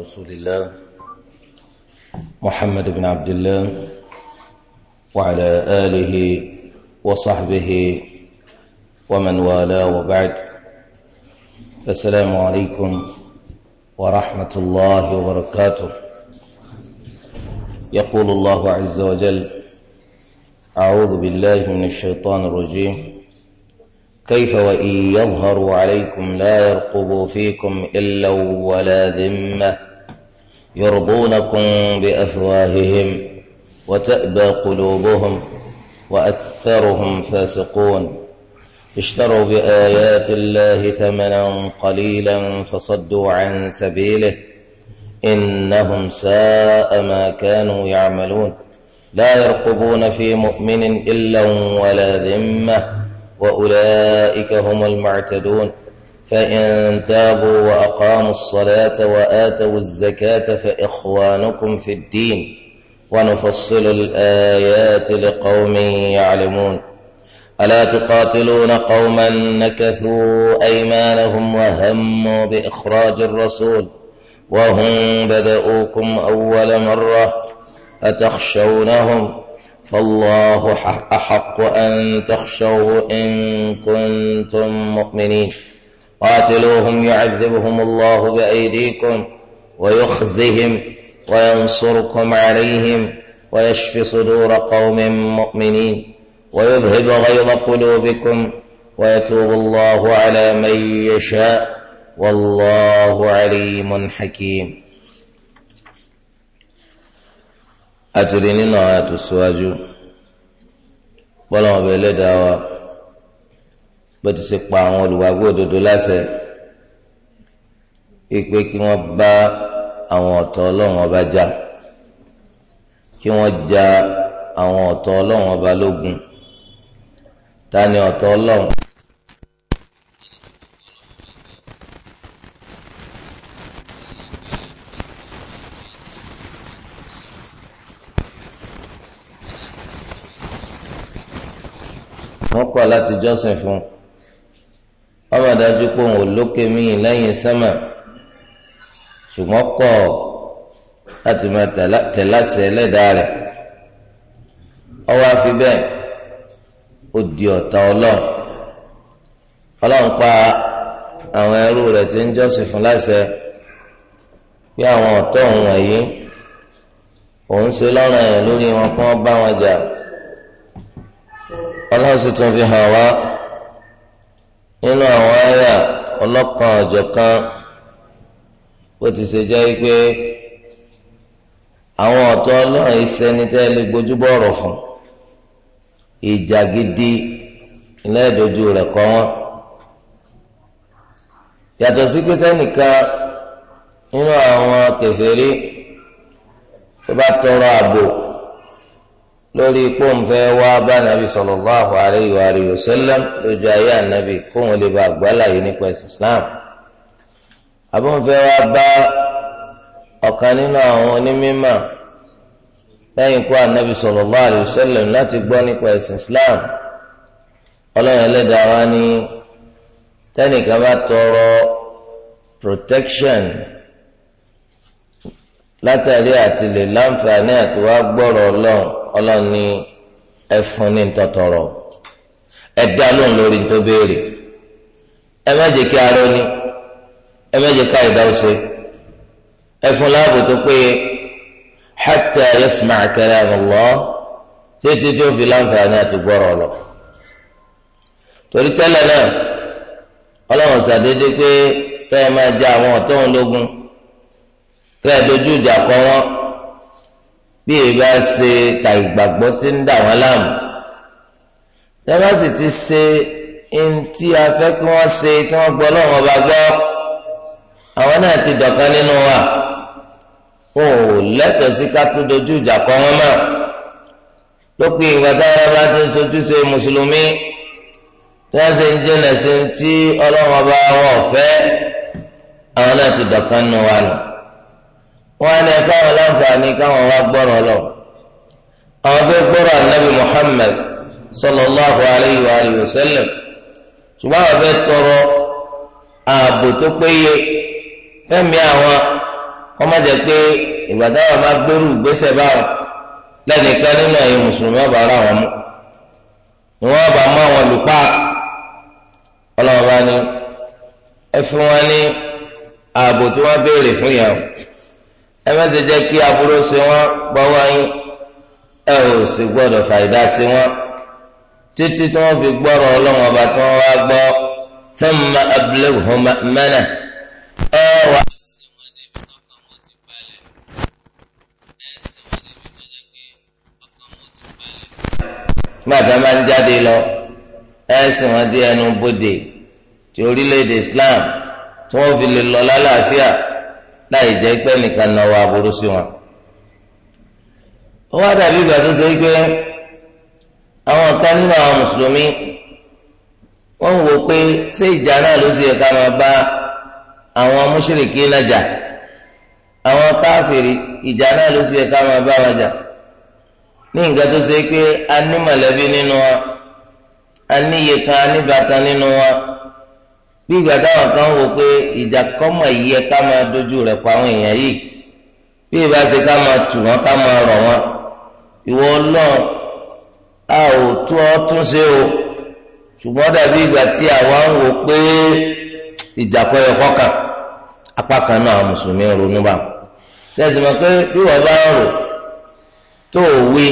رسول الله محمد بن عبد الله وعلى آله وصحبه ومن والاه وبعد السلام عليكم ورحمة الله وبركاته يقول الله عز وجل أعوذ بالله من الشيطان الرجيم كيف وإن يظهروا عليكم لا يرقبوا فيكم إلا ولا ذمة يرضونكم بأفواههم وتأبى قلوبهم وأكثرهم فاسقون اشتروا بآيات الله ثمنا قليلا فصدوا عن سبيله إنهم ساء ما كانوا يعملون لا يرقبون في مؤمن إلا ولا ذمة وأولئك هم المعتدون فإن تابوا وأقاموا الصلاة وآتوا الزكاة فإخوانكم في الدين ونفصل الآيات لقوم يعلمون ألا تقاتلون قوما نكثوا أيمانهم وهموا بإخراج الرسول وهم بدؤوكم أول مرة أتخشونهم فالله أحق أن تخشوه إن كنتم مؤمنين قاتلوهم يعذبهم الله بأيديكم ويخزهم وينصركم عليهم ويشف صدور قوم مؤمنين ويذهب غيظ قلوبكم ويتوب الله على من يشاء والله عليم حكيم أترني نوعات السواجو بلغ بلدها bó ti ṣe pa àwọn olùwàgbé òdodo láṣẹ pípé kí wọ́n bá àwọn ọ̀tọ̀ ọlọ́run ọba jà kí wọ́n ja àwọn ọ̀tọ̀ ọlọ́run ọba lógun ta ni ọ̀tọ̀ ọlọ́run. wọ́n kọ̀ láti jọ́sìn fún un. ọmọ dájú pé òun ò lókè míì lẹ́yìn sẹ́mà ṣùgbọ́n kọ̀ láti máa tẹ̀láṣẹ ẹlẹ́dàá rẹ̀ ọwọ́ àfi bẹ́ẹ̀ ó di ọ̀tá ọlọ́run ọlọ́run pa àwọn ẹrú rẹ̀ tí ń jọ́sìn fún láṣẹ pé àwọn ọ̀tọ́ òun wọ̀nyí òun ṣe lọ́rùn ẹ̀yàn lórí wọn kí wọ́n bá wọn jà ọlọ́run sì tún fi nínú àwọn àyà ọlọ́kan ọ̀jọ̀kan bó ti ṣe jẹ́ pé àwọn ọ̀tọ̀ ọlọ́run ìsẹ́ni tẹ́ lè gbójúbọ̀ ọ̀rọ̀ fún ìjà gidi lẹ́ẹ̀dójú rẹ̀ kọ́ wọn. yàtọ̀ sí pé tẹ́nìkan nínú àwọn kèfèrí tó bá tọrọ ààbò lórí pọ́ùn fẹ́ wá bá nàbì sallallahu alayhi wa alihi wa sallam lójú ayé ànábì kóun lè bá àgbálàyé nípa ẹ̀sìn Islam abọ́nfẹ́ wá bá ọ̀kan nínú àwọn onímọ̀ lẹ́yìn kó ànábì sallallahu alayhi wa sallam láti gbọ́ nípa ẹ̀sìn Islam ọlọ́run ẹlẹ́dàá wa ní tẹ́nìkan bá tọrọ protection látàrí àti lè láǹfààní àti wá gbọ́rọ̀ ọlọ́run. ọlọ́run ní ní ntọ́tọ̀rọ̀ lórí béèrè ẹ kí arọ́ ni ẹ má jẹ́ ká ìdáwó ṣe láàbò tó yasma' títí tí ó fi láǹfààní àti gbọ́rọ̀ lọ. torí tẹ́lẹ̀ náà ọlọ́run ṣàdédé pé kẹ́ ẹ máa jẹ àwọn ọ̀tọ́ bí èèbá ṣe ta ìgbàgbọ́ tí ń dà wọ́n láàmú tẹ́lá sì ti ṣe ń tí a fẹ́ kí wọ́n ṣe tí wọ́n gbọ́ lọ́wọ́ bá gbọ́ àwọn náà ti dọ̀kan nínú wa ò lẹ́tọ̀ọ́ sí ká tún dojú ìjà kọ́ wọn mọ́ lópin ìgbà táwọn bá ti ń sojú ṣe mùsùlùmí tí wọ́n ṣe ń jìnà sí tí ọlọ́wọ́ bá wọn fẹ́ àwọn náà ti dọ̀kan nínú wa nù. wọn ẹni ẹfọ àwọn láǹfààní káwọn wá gbọ́rọ̀ lọ àwọn fẹẹ gbọ́rọ̀ anabi muhammed sallallahu alayhi wa alayhi wa sallam ṣùgbọ́n àwọn tọrọ ààbò tó péye àwọn pé bá gbẹrù báwọn nínú mùsùlùmí wọn mú ni bá mú àwọn bá ní ẹ ẹ má ṣe jẹ́ kí aburú ṣe wọ́n gbọ́wọ́ yín ẹ ò sì gbọ́dọ̀ fàyídà ṣe wọ́n títí tí wọ́n fi gbọ́rọ̀ ọlọ́run ọba tí wọ́n wá gbọ́ thumma ablighu ma'mana ẹ wà. gbàtà máa ń jáde lọ ẹ sì wọ́n dé ẹnu bodè ti orílẹ̀-èdè Islam tí wọ́n fi lè lọ lálàáfíà. La láì jẹ́ pé nìkan náwó aburú sí wọn. ó wá dàbí ìgbà tó ṣe pé àwọn kan nínú àwọn mùsùlùmí wọ́n wò pé ṣé ìjà náà ló sì yẹ ká máa bá àwọn mùṣírìkí náà jà àwọn káfìrí ìjà náà ló sì ká máa bá wọn jà ní nǹkan tó ṣe pé a ní mọ̀lẹ́bí nínú wa a níye kan a ní bàtà nínú wa bí ìgbà táwọn kan wò pé ìjà kọ́mọ̀ yìí ẹ ká máa dojú rẹ̀ pa àwọn èèyàn yìí bí ìbá ṣe ká máa tù wọ́n ká máa rọ̀ wọ́n ìwọ náà a ò tún ọ tún ṣe o ṣùgbọ́n dàbí ìgbà tí àwa ń wò pé ìjà kọyọ kọkàn apá kan náà mùsùlùmí ń ronú bá tẹ̀sí mọ̀ pé bí wọ́n bá rò tó o wí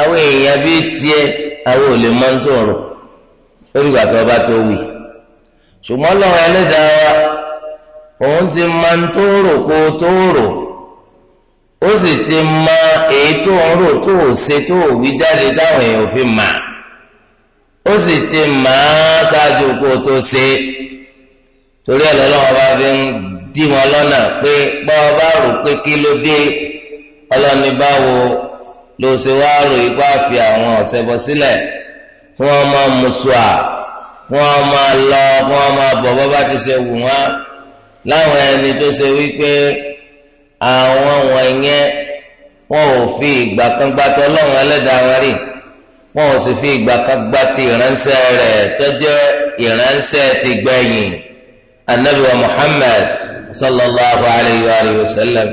àwọn èèyàn bíi tiẹ̀ àwọn ò lè mọ́ tó rò ó dìgbà tó o bá tó wì í ṣùgbọ́n lọ́wọ́ ẹlẹ́dàá wa òun ti máa ń tó rò kó tó rò ó sì ti mọ èyí tó ń rò tó ò ṣe tó ò wí jáde táwọn èèyàn fi mà ó sì ti mà á ṣáájú kó tó ṣe torí ẹ̀ lọ́wọ́ bá fi ń dí wọn lọ́nà pé bọ́ ọ bá rò pé kí ló dé ọlọ́ni báwo ló ṣe wá rò ipá fi àwọn ọ̀sẹ̀ bọ̀ sílẹ̀ fún ọmọ mùsùlùmí wọ́n máa lọ wọ́n máa bọ̀ bọ́ bá ti ṣe wù wọ́n láwọn ẹni tó ṣe wípé àwọn wọ̀nyẹn wọn ò fi ìgbà kan gbà tó ọlọ́run ẹlẹ́dàá wọn rí wọn ò sì fi ìgbà kan gbà ti ìránṣẹ́ rẹ̀ tó jẹ́ ìránṣẹ́ ti gbẹ̀yìn anabi wa sallallahu alayhi wa sallam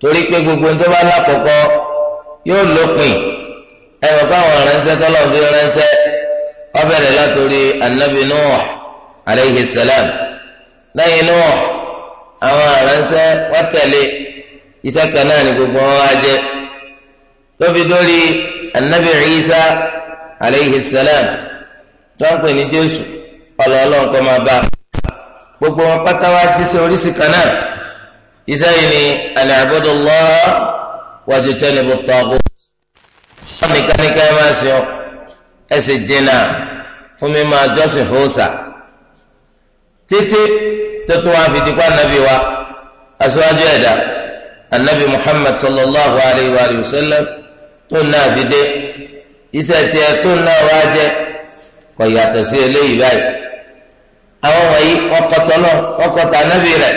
torí pé gbogbo tó bá lákòókò yóò lópin ẹ̀rọ báwọn ìránṣẹ́ tọ́lọ́run fi ránṣẹ́ ọbẹ̀rẹ̀ látòrí anabi nuh aleyhi salam lẹ́yìn nuh àwọn aránṣẹ́ wọ́n tẹ̀lé iṣẹ́ kan náà ní gbogbo wọn wá jẹ́ tóbi dórí anabi isa aleyhi salam tó ń pè ní jésù ọlọ́ọ̀lọ́ọ̀ kọ́ máa bá gbogbo wọn pátá wá jíṣẹ́ oríṣi kan náà iṣẹ́ yìí ni ana abudullah wajitanibu taghut. wọ́n nìkan nìkan ẹ máa ṣe ẹ sì jìnnà fún mi máa jọ́sìn fòòsà títí tó tún wá fi dípá nàbí wa aṣáájú ẹ̀dá anabi muhammad sallallahu alayhi wa sallam tó náà fi dé iṣẹ́ tiẹ̀ tó náà wá jẹ́ kò yàtọ̀ sí eléyìí báyìí àwọn wọ̀nyí wọ́n kọ́tọ́ náà wọ́n kọ́tọ́ anabi rẹ̀.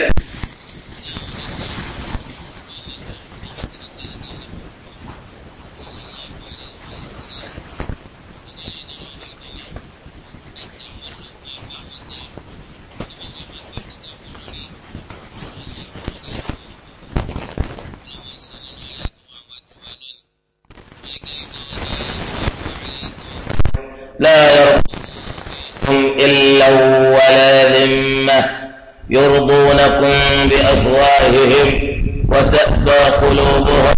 لا يرضونكم إلا ولا ذمة يرضونكم بأفواههم وتأبى قلوبهم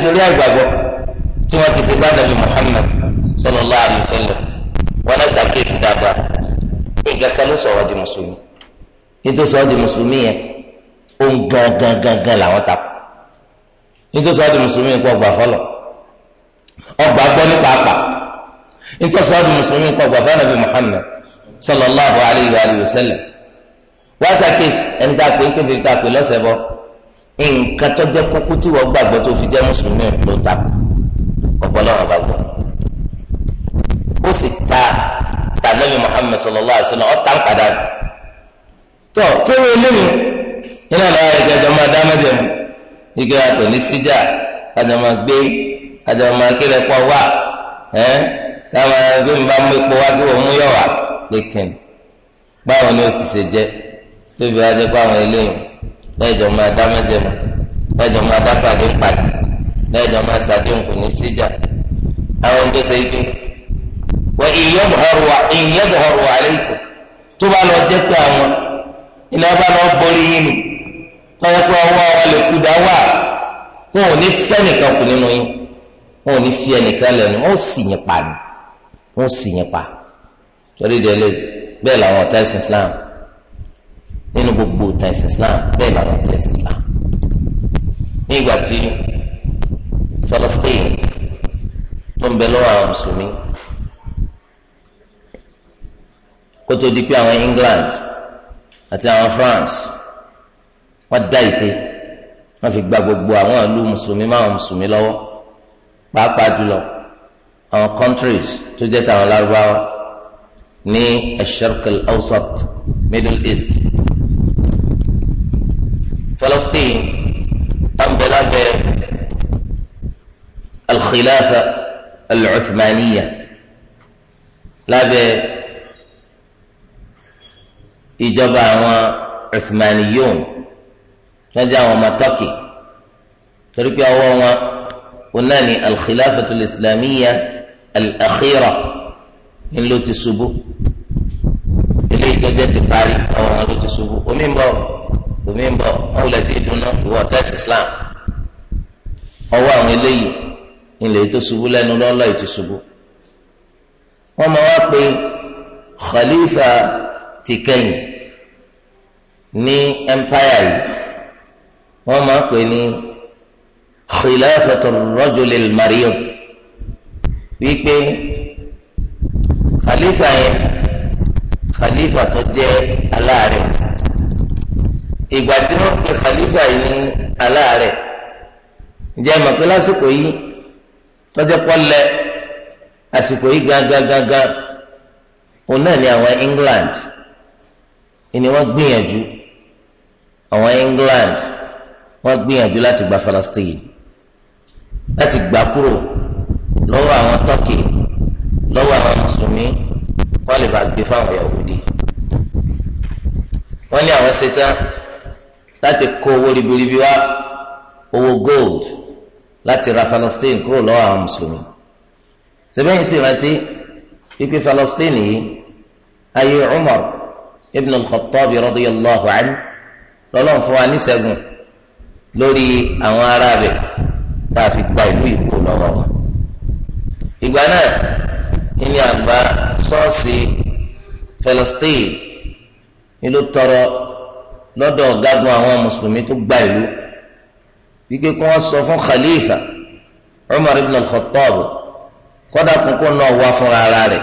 nítorí àgbàgbọ́ tí wọ́n ti ṣe sádàbí Muhammad sallallahu alaihi wasallam wọn náà ṣàkíyèsí dáadáa ìgbà kan ló sọ ọ́ di mùsùlùmí nítorí sọ ọ́ di mùsùlùmí yẹn òun gangan gangan làwọn takò nítorí sọ ọ́ di mùsùlùmí yẹn kó ọgbà fọlọ́ ọgbà gbọ́ ní pàápàá nítorí sọ ọ́ di mùsùlùmí yẹn kó ọgbà fọlọ́ Muhammad sallallahu alaihi wasallam wọ́n ṣàkíyèsí ẹni tá a pè ń kéfì tá a pè lọ́sẹ̀ bọ́ nǹkan tó jẹ́ kókó tí wọ́n gbàgbọ́ tó fi jẹ́ mùsùlùmí ló ta ọ̀pọ̀lọpọ̀ bá gbọ́ ó sì ta tànàbí Muhammad sallallahu alaihi wasallam ọ̀tá ń padà tó sẹ́wọ́n eléyìí nínú àlọ́ ẹ̀jẹ̀ ẹ̀jọ̀ máa dá mẹ́jẹ̀ mu igi àtọ̀ ní síjà àjọ máa gbé àjọ máa kéré pọ̀ wá ẹ́ mi bá mú epo wá kí wọ́n mú yọ̀ wá báwọn ni ó ti ṣe jẹ́ lẹ́ẹ̀jọ́ máa dá mẹ́jẹ̀mú lẹ́ẹ̀jọ́ máa dá pàdé pàdé lẹ́ẹ̀jọ́ máa ṣàdéhùn kò ní síjà àwọn ẹni tó ṣe ike wọ́n ìyẹ́ bọ̀họ̀rù wà lẹ́kọ̀ọ́ tó bá lọ jẹ́ pé àwọn ilé ọba lọ borí yín ni lọ́wọ́ pé ọwọ́ wa lè kú dá wà wọn ò ní sẹ́nìkan kù nínú yín wọn ò ní fi ẹnìkan lẹ́nu wọn ò sì yín pa ni wọn ò sì yín pa torí délé bẹ́ẹ̀ làwọn ọ̀tá ìsìn Islam nínú gbogbo tẹ̀sí islam bẹ́ẹ̀ làwọn tẹ̀sí islam ní ìgbà tí Palestine tó ń bẹ lọ́wọ́ àwọn mùsùlùmí kó tó di pé àwọn England àti àwọn France wọ́n dá ìte wọ́n fi gba gbogbo àwọn ìlú mùsùlùmí máwọn mùsùlùmí lọ́wọ́ pàápàá jùlọ àwọn countries tó jẹ́ tàwọn lárúbáwá ní al-Sharq al Middle East فلسطين أم بلاد الخلافة العثمانية لا بإجابة عثمانيون نجا ومتاكي تركيا هو وناني الخلافة الإسلامية الأخيرة إن لو تسبو إليك جاتي تاريخ أو لو omi ń bọ̀ wọn wulẹ̀ tí dunná ìwọ tẹ́sí islam ọwọ́ àwọn eléyìí ilẹ̀ tó ṣubú lẹ́nu lọ́lọ́ ètò ṣubú wọ́n máa wá pé khalifa ti kẹ́yìn ní empire yìí wọ́n máa pè ní khilafatul rajulil mariyad wípé khalifa yẹn khalifa tó jẹ́ aláàárẹ̀ ìgbà tí wọ́n pe khalifa yìí ní aláàárẹ̀ ǹjẹ́ mọ̀ pé lásìkò yìí tọ́jọ́ pọ́lẹ̀ àsìkò yìí gángangángan òun náà ni àwọn England ni wọ́n gbìyànjú àwọn England wọ́n gbìyànjú láti gba Palestine láti gbà kúrò lọ́wọ́ àwọn Turkey lọ́wọ́ àwọn mùsùlùmí wọ́n lè bá gbé fáwọn Yahudi wọ́n ní àwọn ṣetán láti kó owó ribiribi wá owó gold láti ra Palestine kúrò lọ́wọ́ àwọn mùsùlùmí sẹ́bẹ̀yìn sì rántí wípé Palestine yìí ayé Umar ibn al-Khattab radiyallahu anhu lọ́lọ́run fún wa níṣẹ́gun lórí àwọn ará rẹ̀ tá a fi gba ìlú ìkó lọ́wọ́ wọn. ìgbà náà ní àgbà ṣọ́ọ̀ṣì Palestine ni ló tọrọ lọ́dọ̀ ọ̀gágun àwọn mùsùlùmí tó gba ìlú wípé kí wọ́n sọ fún khalifa umar ibn al-khattab kọ́dà kókó náà wá fúnra ara rẹ̀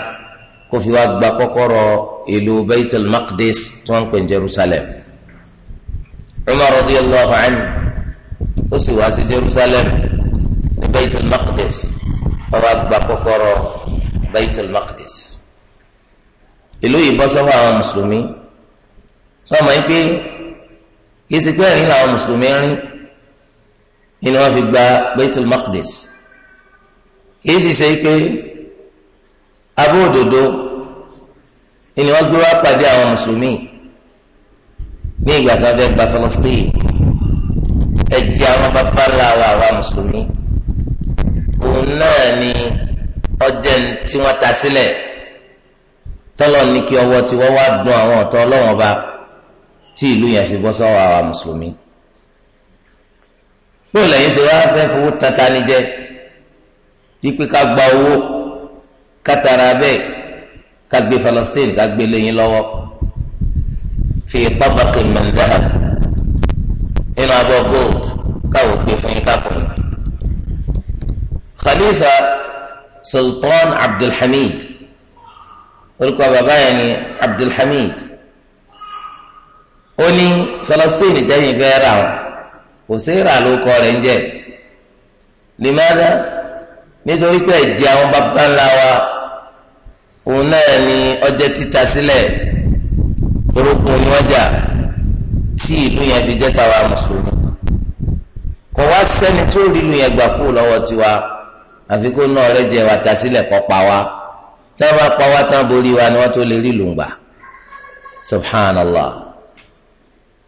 kó fi wá gba kọ́kọ́rọ́ ìlú baitul maqdis tí wọ́n ń pè ní jerusalem umar radiyallahu anhu ó sì wá sí jerusalem ní baitul maqdis wọ́n wá gba kọ́kọ́rọ́ baitul maqdis ìlú yìí bọ́ sọ́wọ́ àwọn mùsùlùmí sọ́mọ́ yìí pé kìí ṣe pé ẹ̀rín làwọn mùsùlùmí rín ni wọ́n fi gba Baitul Maqdis kìí sì ṣe pé abó òdodo ni wọ́n gbé wá pàdé àwọn mùsùlùmí ní ìgbà tó fẹ́ gba Palestine ẹ jẹ́ àwọn bàbá ńlá wa mùsùlùmí òun náà ni ọjẹ́ tí wọ́n ta sílẹ̀ tọ́lọ́ ní kí ọwọ́ tí wọ́n wá dùn àwọn ọ̀tọ́ ọlọ́wọ́n bá tí ìlú yẹn fi bọ́ sọ́wọ́ àwa mùsùlùmí bó lẹ́yìn ṣe wáá fẹ́ fowó tata ni jẹ́ ipe ká gba owó ká tara bẹ́ẹ̀ ká gbé Palestine ká gbé lẹ́yìn lọ́wọ́ fi pábàkì mẹ́ndàá nínú abọ́ gold káwọ́ gbé fún yín kápọ̀n. Khalifa Sultan Abdulhamid orúkọ bàbá yẹn ni Abdulhamid ó ní Palestine tẹ́yìn fẹ́ rà ọ́ kò sí rà ló kọ́ rẹ̀ ń jẹ́ lèmọ́dá nítorí pé ẹ̀jẹ̀ àwọn bàbá ńlá wa òun náà ni ọjẹ́ títa sílẹ̀ torókùn ni wọ́n jà tí ìlú yẹn fi jẹ́ tàwa mùsùlùmí kò wá sẹ́ni tó rí yẹn gbà kú lọ́wọ́ tiwa àfi náà rẹ̀ wa ta sílẹ̀ kọ́ pa wa tá a bá pa wa tán borí wa ni wọ́n tó lè rí lùngbà subhanallah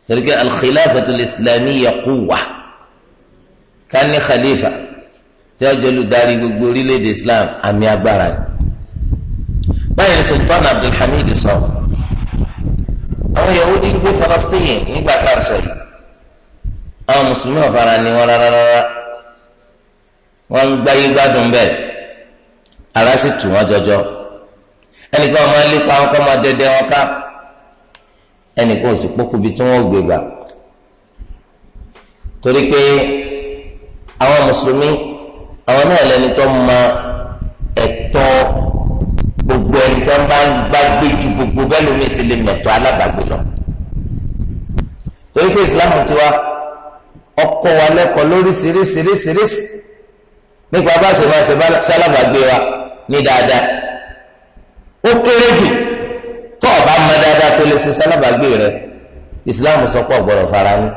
torí pé al-khilafatul islamiyya quwwa ká ní khalifa tí ó jẹ́ olùdarí gbogbo orílẹ̀-èdè islam àmì agbára ni báyìí sultan abdulhamid sọ àwọn yahudi gbé falastin nígbà tá a sọ yìí àwọn mùsùlùmí ọ̀fara ni wọn rárá rárá wọn ń gbáyé gbádùn bẹ́ẹ̀ ara sì tù wọn jọjọ ẹnìkan máa ń lépa wọn dẹdẹ wọn ká ẹnìkan ò sì pókú bi tí wọ́n gbé gbà torí pé àwọn mùsùlùmí àwọn náà lẹni tó mọ ẹ̀tọ́ gbogbo ẹni tí wọ́n bá gbàgbé ju gbogbo bẹ́ẹ̀ lómi ìsìlẹ̀ mẹ̀tọ́ alábàgbé lọ torí pé islam ti wá ọkọ wa lẹ́kọ̀ọ́ lóríṣiríṣiríṣiríṣi nípa bá ṣe máa ṣe sálábàgbé wa ní dáadáa ó kéré jù tó lè ṣe sálábàgbé rẹ ìsìláàmù sọ pé ọ̀gbọ́dọ̀ fara ní.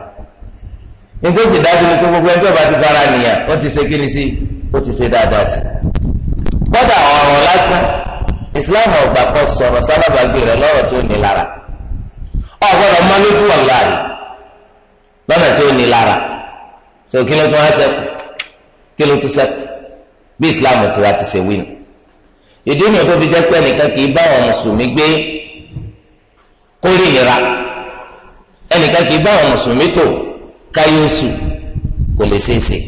nítòsí dájú ni pé gbogbo ẹjọ́ bá ti fara nìyà ó ti ṣe kíni sí ó ti ṣe dáadáa sí. bọ́dà ọ̀rọ̀ lásán ìsìláàmù ọ̀gbà kan sọ̀rọ̀ sálábàgbé rẹ lọ́rọ̀ tó ní lára ọ̀gbọ́dọ̀ mọ lójú ọ̀la rẹ lọ́nà tó ní lára so kí ló tún wá ṣẹ́kù kí ló tún ṣẹ́kù bí ìsìláàmù tiwa ti ṣe wí nù ìdí nìyẹn tó fi jẹ́ pé ẹnìkan kì í bá àwọn mùsùlùmí gbé kó rí ìnira ẹnìkan kì í bá àwọn mùsùlùmí tó káyọ̀sù kò lè ṣeéṣe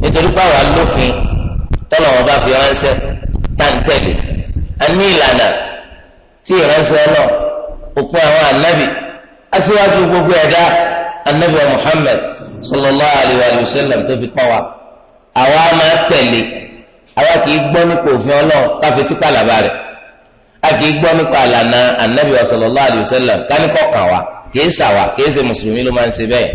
nítorí pé alófin tọ́lọ̀ wọn bá fi ránṣẹ́ táǹtẹ̀lì a ní ìlànà tí ìránṣẹ́ náà òpin àwọn ànábì aṣíwájú gbogbo ẹ̀dá ànábì Muhammad sallallahu alayhi wa tó fi àwa máa tẹ̀lé àwa kì í gbọ́ a kì í gbọ́ nípa àlànà anabi sallallahu alayhi wa sallam kánikọ́ kàn wá kìí sà wá kìí ṣe mùsùlùmí ló máa ń ṣe bẹ́ẹ̀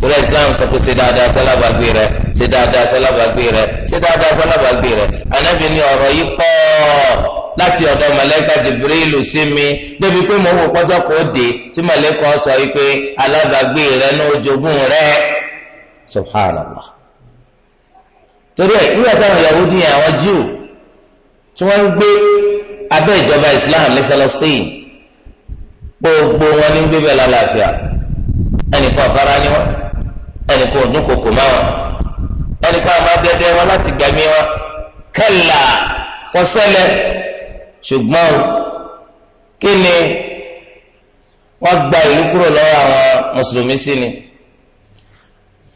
kúrẹ́ islam sọ pé ṣe dáadáa sálábàgbé rẹ ṣe dáadáa sálábàgbé rẹ ṣe dáadáa sálábàgbé rẹ anabi ní ọ̀rọ̀ yìí pọ̀ láti ọ̀dọ̀ mọ̀lẹ́kà jibrilu sí mi débi pé mo wò pọ́jọ́ kò dé tí mọ̀lẹ́kà sọ yìí alábàgbé rẹ ní ojogún rẹ subhanallah torí ẹ̀ abẹ́ ìjọba islam ní Palestine gbogbo wọn ní gbébẹ̀ lálàáfíà ẹnìkan fara ni wọn ẹnìkan òdún kòkò má wọn ẹnìkan àmọ́ abẹ́dẹ́ wọn láti gbẹ̀mí wọn kẹlà kọsẹ́lẹ̀ ṣùgbọ́n o kí ni wọ́n gba ìlú kúrò lọ́wọ́ àwọn mùsùlùmí sí ni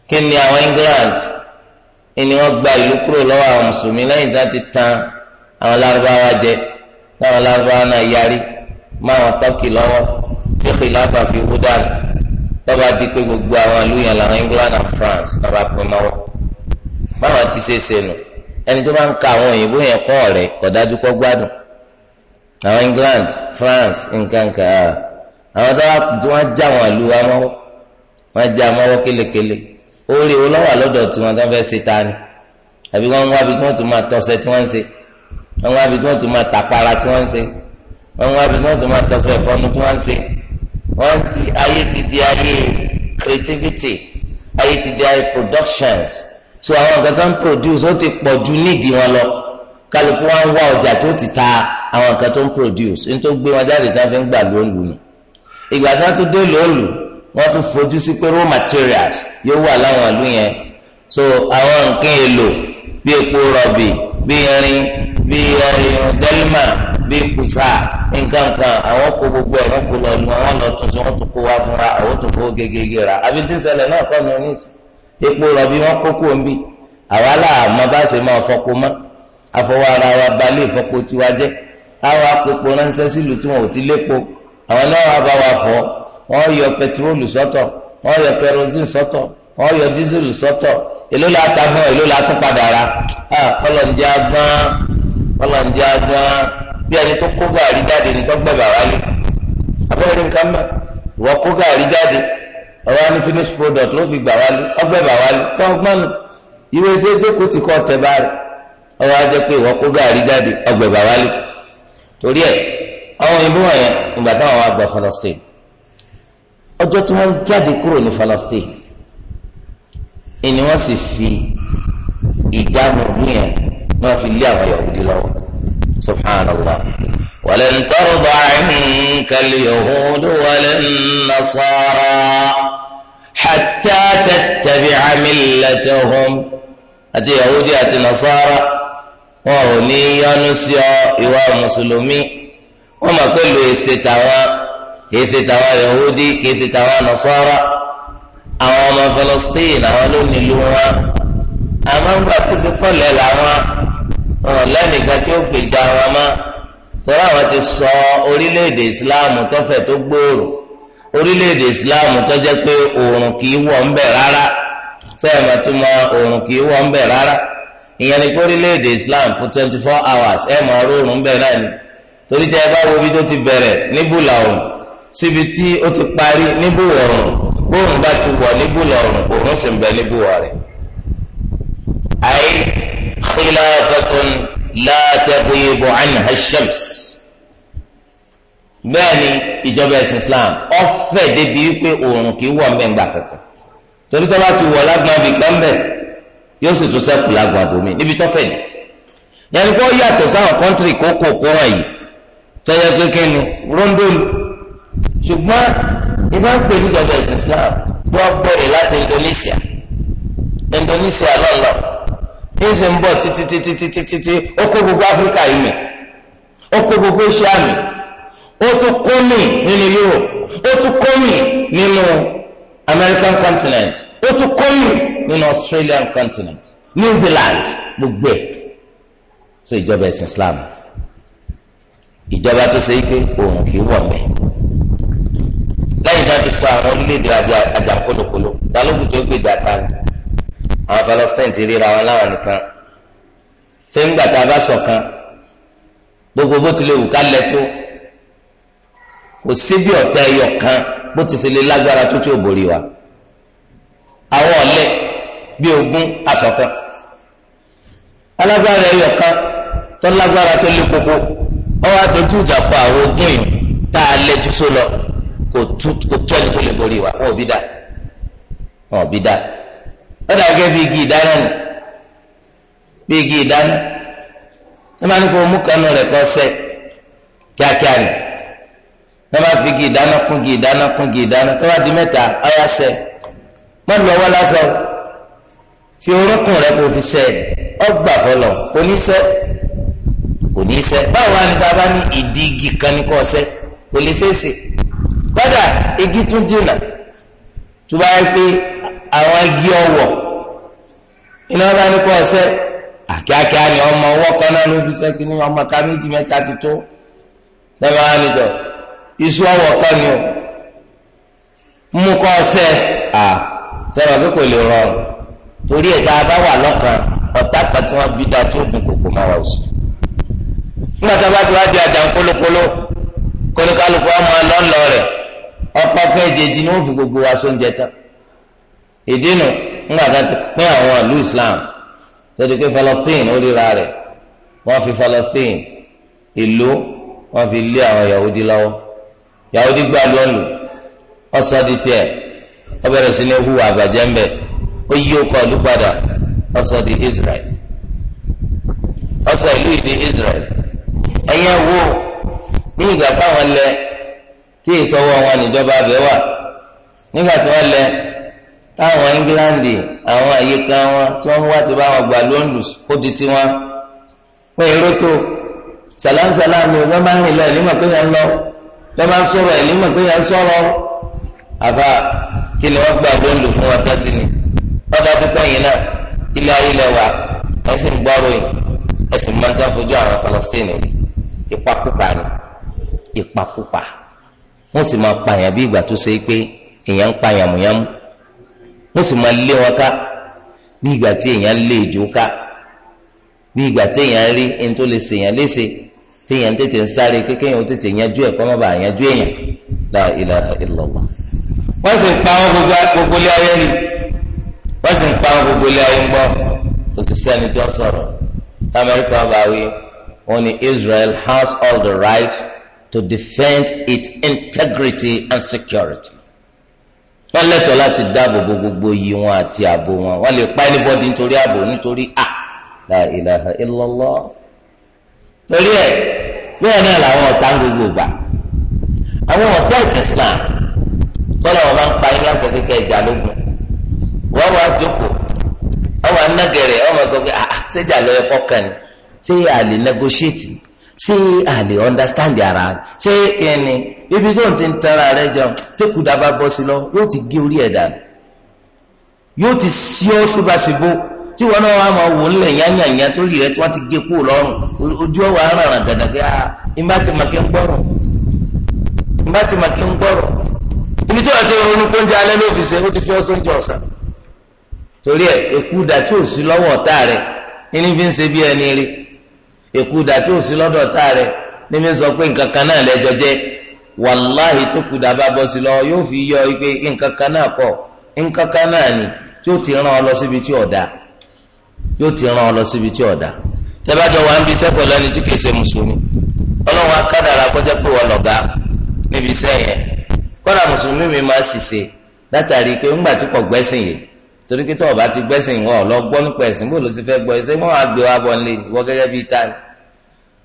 kí ni àwọn England ni wọ́n gba ìlú kúrò lọ́wọ́ àwọn mùsùlùmí lẹ́yìn tí wọ́n ti tan àwọn lárúbáwá jẹ táwọn lárúbáwá náà yarí máwọn tọ́kì lọ́wọ́ tí kìláfà fi wú dànù lọ́ba di pé gbogbo àwọn ìlú làwọn England and France lọ́ba pín mọ́wọ́ báwọn ti ṣe ṣe nù ẹni tó bá ń ka àwọn òyìnbó yẹn kọ́ ọ̀rẹ́ kò dájú gbádùn àwọn England France nkankan ah. àwọn tó wá já àwọn ìlú wa mọ́wọ́ wọ́n já mọ́wọ́ kélekele oore olówó àlọ́dọ̀ tí wọ́n tán fẹ́ ṣe ta àbí wọ́n ń wá bí tí tún máa tọ́sẹ̀ tí wọ́n ń ṣe wọn wá ibi tí wọn ti máa tàpara tí wọn ń ṣe wọn wá ibi tí wọn ti máa tọsọ ìfọnu tí wọn ń ṣe wọn ti ayé ti di ayé creativity ayé ti di ayé productions so àwọn nǹkan tó ń produce ó ti pọ̀ ju nídìí wọn lọ kálukú wọn ń wá ọjà tó ti ta àwọn nǹkan tó ń produce ní tó gbé wọn jáde tá a fi ń gbà lóòlù nù ìgbà tí wọn tún dé lóòlù wọn tún fojú sí pé raw materials yóò wà láwọn ìlú yẹn so àwọn nǹkan èlò bí epo rọ̀bì bí irin bí irin dẹ́límà bí kùsà nkankan àwọn kó gbogbo ẹ̀ wọ́n kó lọ lu àwọn lọ tuntun wọ́n tún kó wá àwọn gegege ra àbí tí ṣẹlẹ̀ náà kọ́ mi ní ìsìn epo rọ̀bì wọ́n kó kó àwa làmọ́ bá ṣe máa mọ́ ara wa balẹ̀ tiwa jẹ́ àwọn wa fọ́ wọ́n yọ sọ́tọ̀ wọ́n yọ wọ́n yọ dísèlù sọ́tọ̀ èló la ta fún èló la tún padà ra ọlọ́njẹ́ agbọ́n ọlọ́njẹ́ agbọ́n bí ẹni tó kó gàrí jáde ni tó gbẹ̀bà wálé abẹ́rẹ́ nǹkan mọ̀ wọ́n kó gàrí jáde ọ̀rọ̀ ní finish product ló fi gbà wálé ọgbẹ̀bà wálé tí wọ́n gbọ́n nù ìwé ṣe jókòó ti kọ́ tẹ̀ bá rẹ̀ ọ̀rọ̀ ajẹ́ pé wọ́n kó gàrí jáde ọgbẹ̀bà wálé torí ẹ̀ àwọn òyìnbó wọ̀nyẹn ìgbà táwọn wá gba Falastin ọjọ́ tí wọ́n jáde kúrò ní Falastin ni wọ́n sì fi ìjánu nìyẹn ni wọ́n fi lé àwọn yahudi lọ́wọ́ subhanallah walan tarda anka al-yahud walan nasara hatta tattabi'a millatahum àti yahudi àti nasara wọn ò ní yọ́nú sí ọ ìwà mùsùlùmí wọn mọ̀ pé lu èsè tàwọn èsè tàwọn yahudi kì í ṣe tàwọn nasara. àwọn ọmọ Palestine àwọn ló nílùú wọn àmọ́ ń gbà kóso pọ̀lẹ́ làwọn lẹ́nìkan tí ó gbèjà wọn mọ́ torí àwọn ti sọ orílẹ̀-èdè Islam tọ́fẹ̀ tó gbòòrò orílẹ̀-èdè Islam tó pé òòrùn kìí wọ ń bẹ rárá mọ ń fún twenty hours náà ni torí tó ti níbùlà síbi tí ó bóun bá ti wọ̀ níbù lọ́rùn òun sì ń bẹ níbù wà rẹ̀. àyè khilafatun la taghibu anha shams. bẹ́ẹ̀ ni ìjọba ẹ̀sìn Islam ọ̀fẹ́ débi wípé òòrùn kì í wọ̀ mẹ́ngbà kankan torí tó bá ti wọ̀ lágbọ́n bíi kan bẹ̀ yóò sì tún sẹ́kù lágbọ́n àbòmí níbi tó fẹ̀ dé. yẹn kó yàtọ̀ sáwọn kọ́ńtìrì kókò kó wọ̀nyí tọ́jà pé ni rondoni ṣùgbọ́n ìfẹ́ ń pè ní ìjọba ẹ̀sìn Islam wọ́n bẹ̀rẹ̀ láti Indonesia Indonesia lọ́lọ́ ń sì ń bọ̀ títí títí títí títí ó kó gbogbo Áfíríkà yìí mi ó kó gbogbo Asia mi ó tún kó mi nínú Europe ó tún kó mi nínú American continent ó tún kó mi nínú Australian continent New Zealand gbogbo ẹ̀ so ìjọba ẹ̀sìn Islam ìjọba tó ṣe é pé òun kì í wọ̀ mẹ́. lẹ́yìn náà ti sọ àwọn orílẹ̀-èdè àjàkólokolo balógun tó gbèjà tani àwọn Palestine ti ríra wọn láwọn nìkan ṣé ń gbàtà bá gbogbo bó wù ká lẹ tó kò sí bí ọ̀tá ẹyọ kan bó ti ṣe lè lágbára tó tí ò borí wa àwọn ọ̀lẹ́ bí ogún alágbára ẹyọ kan tó lágbára kò tún kò tún ẹni tó lè borí wa wọn ò bí dà wọn ò bí dà wọn dà gẹ́gẹ́ bí igi ìdáná nù bí igi ìdáná wọn máa ní kó mú kanú rẹ̀ kọ́ sẹ́ kíákíá nì wọn máa fi igi ìdáná kún igi ìdáná kún igi ìdáná tó bá di mẹ́ta ọ̀yá sẹ́ wọn lọ wọ́n lásán fi orúnkún rẹ̀ kó fi sẹ́ ọgbà fọlọ̀ kò ní sẹ́ kò ní sẹ́ báwo wá ní ta bá ní ìdí igi kan ní kọ́ sẹ́ kò lè ṣeé ṣe. kódà igi tún dìnnà tó bá yẹ pé àwọn igi ọwọ iná bá ní kó ọsẹ àkíákíá ni ọmọ ọwọ kan náà ló fi sẹ́kì ní ọmọ ká méjì ti tó nìjọ iṣu kan ọsẹ à pé kò lè rọrùn torí lọ́kàn ọ̀tá kan tí wọ́n bí tó máa wà oṣù. nígbà a bá ọkpọkọ kẹjẹjì ni wọ́n fi gbogbo wa idinu tán ìdí nu ńgbàdá ti pín àwọn Islam tẹ́tí pé Palestine ó ríra rẹ wọ́n fi Palestine ìlú wọ́n fi lé àwọn Yahudi lọ́wọ́ Yahudi gbà lọ́lù ọ̀sọ́ di tiẹ̀ ó sí ní hùwà àbàjẹ́ ọsọ ó yí padà di Israel ìlú tí ìsọwọ́ wọn níjọba abẹ wà nígbà tí wọ́n lẹ táwọn Íńgíláńdì àwọn àyíká wọn tí wọ́n wá ti bá wọn gbà lóńdù ó di tiwọn pé salamu tó sàlám ni ń lọ pé yẹn ń lọ wọ́n máa ń pé yẹn ń kí ni gbà fún wọn ni náà ilé ayé yìí wọ́n sì máa pààyàn bí ìgbà tó ṣe é pé èèyàn ń pa yàmùyàmù wọ́n sì máa lé wọn ká bí ìgbà tí èèyàn lé ìjó ká bí ìgbà tí èèyàn rí ẹni tó lè ṣèyàn léṣe tí èèyàn tètè ń sáré pé kéèyàn tètè yanjú ẹ̀ kọ́ má bàa yanjú èèyàn la ilaha illallah. wọ́n sì ń pa wọn gbogbo ilé ayé rí wọ́n sì ń pa wọn gbogbo ilé ayé ń gbọ́ kò sì sẹ́ni tí wọ́n sọ̀rọ̀ has all the right to defend its integrity and security. wọ́n lẹ́tọ̀ọ́ láti dáàbò bo gbogbo iyì wọn àti ààbò wọn wọ́n lè pa anybody nítorí ààbò nítorí à ah, la ilaha illallah. torí ẹ̀ bẹ́ẹ̀ náà làwọn ọ̀tá ń gbogbo gbà àwọn ọ̀tá ẹ̀sìn Islam tọ́lá wọn bá ń pa iná ṣe kékeré ìjà lógun wọ́n wá jókòó wọ́n wá nágẹ̀rẹ̀ wọ́n wá sọ pé ṣéjà lọ́yẹ kọ́kàn ṣé àlè negotiate ṣé àlè understand ara ṣé kẹ́ni ibi tó ń ti ń tara rẹ jẹun tẹ́kù dábàá bọ́ sí lọ yóò ti gé orí ẹ̀ dànù yóò ti sí ọ́ síbáṣibó tí wọn náà wà máa wò ó lẹ̀ yányányá tó rí rẹ tí wọ́n ti gé kúrò lọ́rùn ojú ọ̀wà aràn gàdàgà ìbá ti máa kí ń gbọ́rọ̀ ìbá ti máa kí ń gbọ́rọ̀ ibi tí wọ́n ti ronú pé oúnjẹ alẹ́ ló ṣe ó ti fi ọ́ sóúnjẹ ọ̀sán torí ẹ̀ èkú dà tí lọ́wọ́ ọ̀tá rẹ̀ ẹni fi ń ṣe bí ẹni rí ekuda dàtí òsì lọdọ tá rẹ̀ níbi sọ pé nǹkan kan náà lẹ́jọ́ jẹ́ wàláhì tó kù dàbà bọ́ sí lọ yóò fi yọ pé nǹkan kan náà nǹkan kan náà ni tí o ti ràn ọ lọ síbi tí ti ràn ọ lọ síbi tí wa ń bí sẹ́pọ̀ lẹ́ni tí kìí ṣe mùsùlùmí ọlọ́run akádàrà kọjá pé wọ́n lọ̀gá níbi iṣẹ́ yẹn mùsùlùmí mi máa sì ṣe látàrí pé ńgbà tí kò gbẹ́sìn yìí torí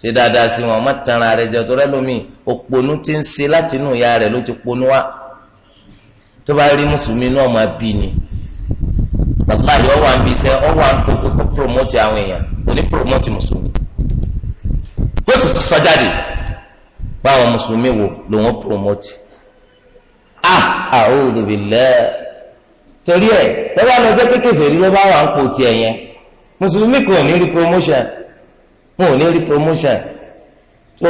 ṣe dáadáa sí wọn má tanra rẹ jẹ torí ti ń ṣe láti inú ìyá rẹ ló ti ponú wá tó bá rí mùsùlùmí náà máa bí ni bàbá yìí àǹbí promote àwọn èèyàn kò ní promote mùsùlùmí ó sì tún sọ jáde báwọn mùsùlùmí wò lòun promote ah a'udhu o torí ẹ tọ́lá lọ jẹ́ ló bá wà ń pò tiẹ̀ yẹn promotion. wọn ò ní rí promotion so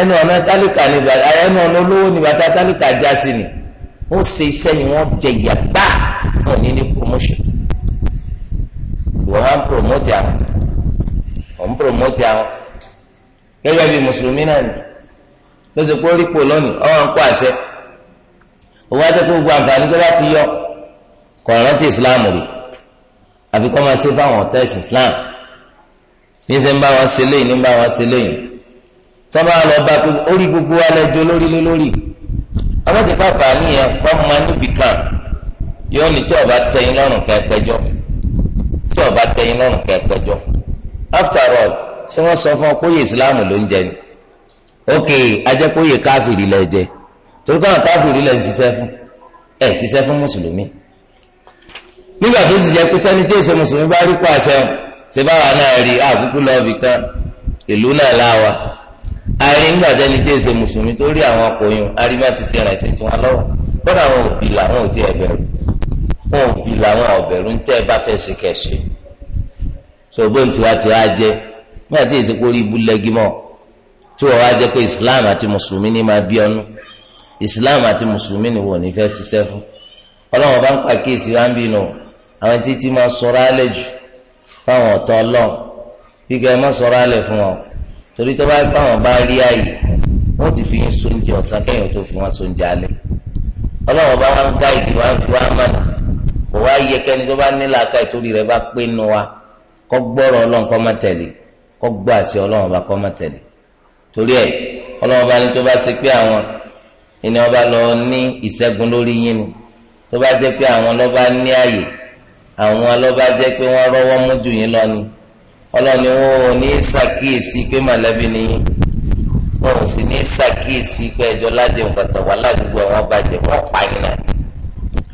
ẹnu ọ̀nà tálíkà ni bàtà ẹnu ọ̀nà olówó ni bàtà tálíkà já sí ni ó ṣe iṣẹ́ ni wọ́n jẹ yàgbá wọn ò ní ní promotion wọ́n á promote àwọn wọ́n ń promote àwọn gẹ́gẹ́ bí mùsùlùmí náà ni ló ṣe pé ó rí pò lónìí ọ̀hún kó àṣẹ òwò àti gbogbo àǹfààní tó bá ti yọ kọ̀ọ̀rántì islam rí àfikún máa ṣe fáwọn ọ̀tá ẹ̀sìn islam. islam ní sẹ́ ń bá wa ṣe léyìn ní ń bá wa ṣe léyìn sábà lọ bá orí gbogbo alẹ́jọ́ lórí lé lórí ọlọ́sìn pàpà nìyẹn kọ́ máa níbi kan yóò ní tí ọba tẹ́yìn lọ́rùn kẹ́ẹ̀pẹ́jọ́ tí ọba tẹ́yìn lọ́rùn kẹ́ẹ̀pẹ́jọ́ after all ṣé wọ́n sọ fún ọ kóyè islam ló ń jẹ ni ok ajẹ́ kóyè káfìrí lẹ jẹ torí káwọn káfìrí lẹ ń ṣiṣẹ́ fún ẹ ṣiṣẹ́ fún mùsùlùmí nígbà tó sì jẹ́ pé tẹ́ni tí èsè mùsùlùmí bá rí pàṣẹ sebáwa náà rí àkúkú lọ́ọ̀bì kan ìlú náà láwa àrí ńgbà tẹni tí èsè mùsùlùmí tó rí àwọn akọyún arígbà ti ṣe ìrìnàṣẹ tí wọn lọ́wọ́ kódà àwọn òbí làwọn ò tí ẹ bẹ̀rù wọn òbí làwọn ọbẹrù ń tẹ bá fẹ́ ṣe kẹṣẹ ṣògbọn tiwa ti wá jẹ wọn àti èsè kórí ibú lẹgímọ tí wọn wá jẹ pé islam àti mùsùlùmí ni máa bí ọnu islam àti mùsùlùmí ni wọn ò ní fẹ́ ṣiṣẹ́ fún Ọlọ́run bá ń pàkíyèsí wá ń bínú àwọn títí máa sọ̀rọ̀ fáwọn ọ̀tọ̀ ọlọ́run gbígbà ẹ má sọ̀rọ̀ alẹ̀ fún wọn torí tó bá yẹ fáwọn bá rí àyè wọn ti fi yín sóúnjẹ ọ̀sán kẹ́yìn tó fi wọn sóúnjẹ alẹ́ ọlọ́run bá wọn gbá ìdí wọn fi wọn mọ̀nà kò wá yẹ kẹ́ni tó bá nílò aka ìtòrí rẹ̀ bá pé nu wa kọ́ gbọ́rọ̀ ọlọ́run kọ́ má tẹ̀lé kọ́ gbọ́ àṣẹ ọlọ́run bá kọ́ má torí ẹ̀ ọlọ́run bá ní tó bá ṣe pé àwọn ìní ọba lọ ní ìṣẹ́gun lórí yín ni tó bá jẹ́ pé àwọn lọ́ba ní àyè àwọn alọ́ba jẹ́ pé wọ́n rọ́wọ́ mú jù yín lọ ni ọlọ́ni wọn ò ní ṣàkíyèsí pé mọ̀lẹ́bí ni yín wọn ò sì ní ṣàkíyèsí pé ẹjọ́ ládé nǹkan wà ládùúgbò àwọn bàjẹ́ wọ́n pa yín náà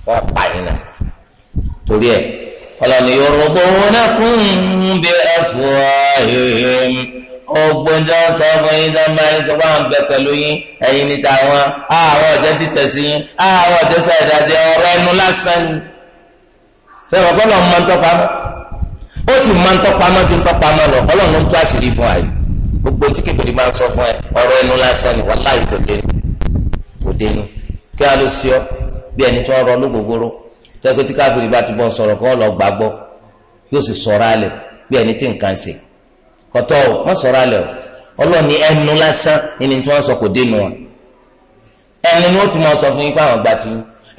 wọ́n pa yín náà torí ẹ̀ ọlọ́ni yorùbá wọn náà kún un bí ẹ̀fọ́ ẹ̀hìn ọgbọ́n tí wọ́n sọ yín tí wọ́n bá yín sọ fún àwọn bẹ pẹ̀lú yín ẹ̀yin níta wọn àwọn ọ̀jẹ́ títẹ̀ sí yín àwọn ọ̀jẹ́ sàìdá sí ọ̀rọ̀ ẹnu lásán ni. fẹ́ràn ọlọ́run máa ń tọ́pa ó sì máa ń tọ́pa máa ju tọ́pa máa lọ ọlọ́run ló ń tó àṣírí fún gbogbo tí kìfìdí máa ń sọ fún ẹ ọ̀rọ̀ ẹnu lásán ni wàláhì kò dénú kò dénú kí a sí ọ bí ẹni tó ń rọ lógógóró tí bá ti bọ́ sọ̀rọ̀ kọ́ lọ gbàgbọ́ yóò sì sọ̀rọ̀ alẹ̀ bí ẹni tí nǹkan ṣe kọ́tọ́ wọ́n sọ̀rọ̀ alẹ̀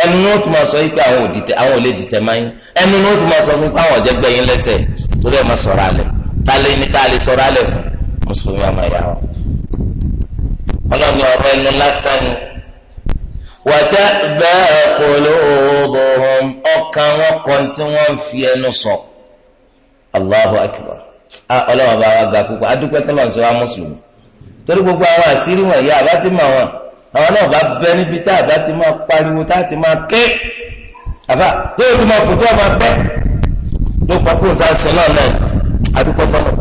ẹnu ní o ti máa sọ yìí pé àwọn òdìtẹ̀ àwọn ò lè dìtẹ̀ máa ẹnu ní wọ́n ti máa sọ fún pé àwọn ọ̀jẹ̀ gbẹ̀yìn lẹ́sẹ̀ torí ẹ̀ máa sọ̀rọ̀ alẹ̀ ta lè ní ta lè sọ̀rọ̀ alẹ̀ fún mùsùlùmí àmọ́ ọlọ́ni ọ̀rọ̀ ẹnu lásán ni bẹ́ẹ̀ ọkàn wọn kan tí wọ́n fi ẹnu sọ Allahu akbar ọlọ́wọ́n bá wa púpọ̀ adúpẹ́ àwọn náà bá bẹ níbi tá a bá ti máa pariwo tá a ti máa ké àbá tó o ti máa fò tó o máa bẹ ló pa kó o sá sí náà náà àdúgbò fọlọ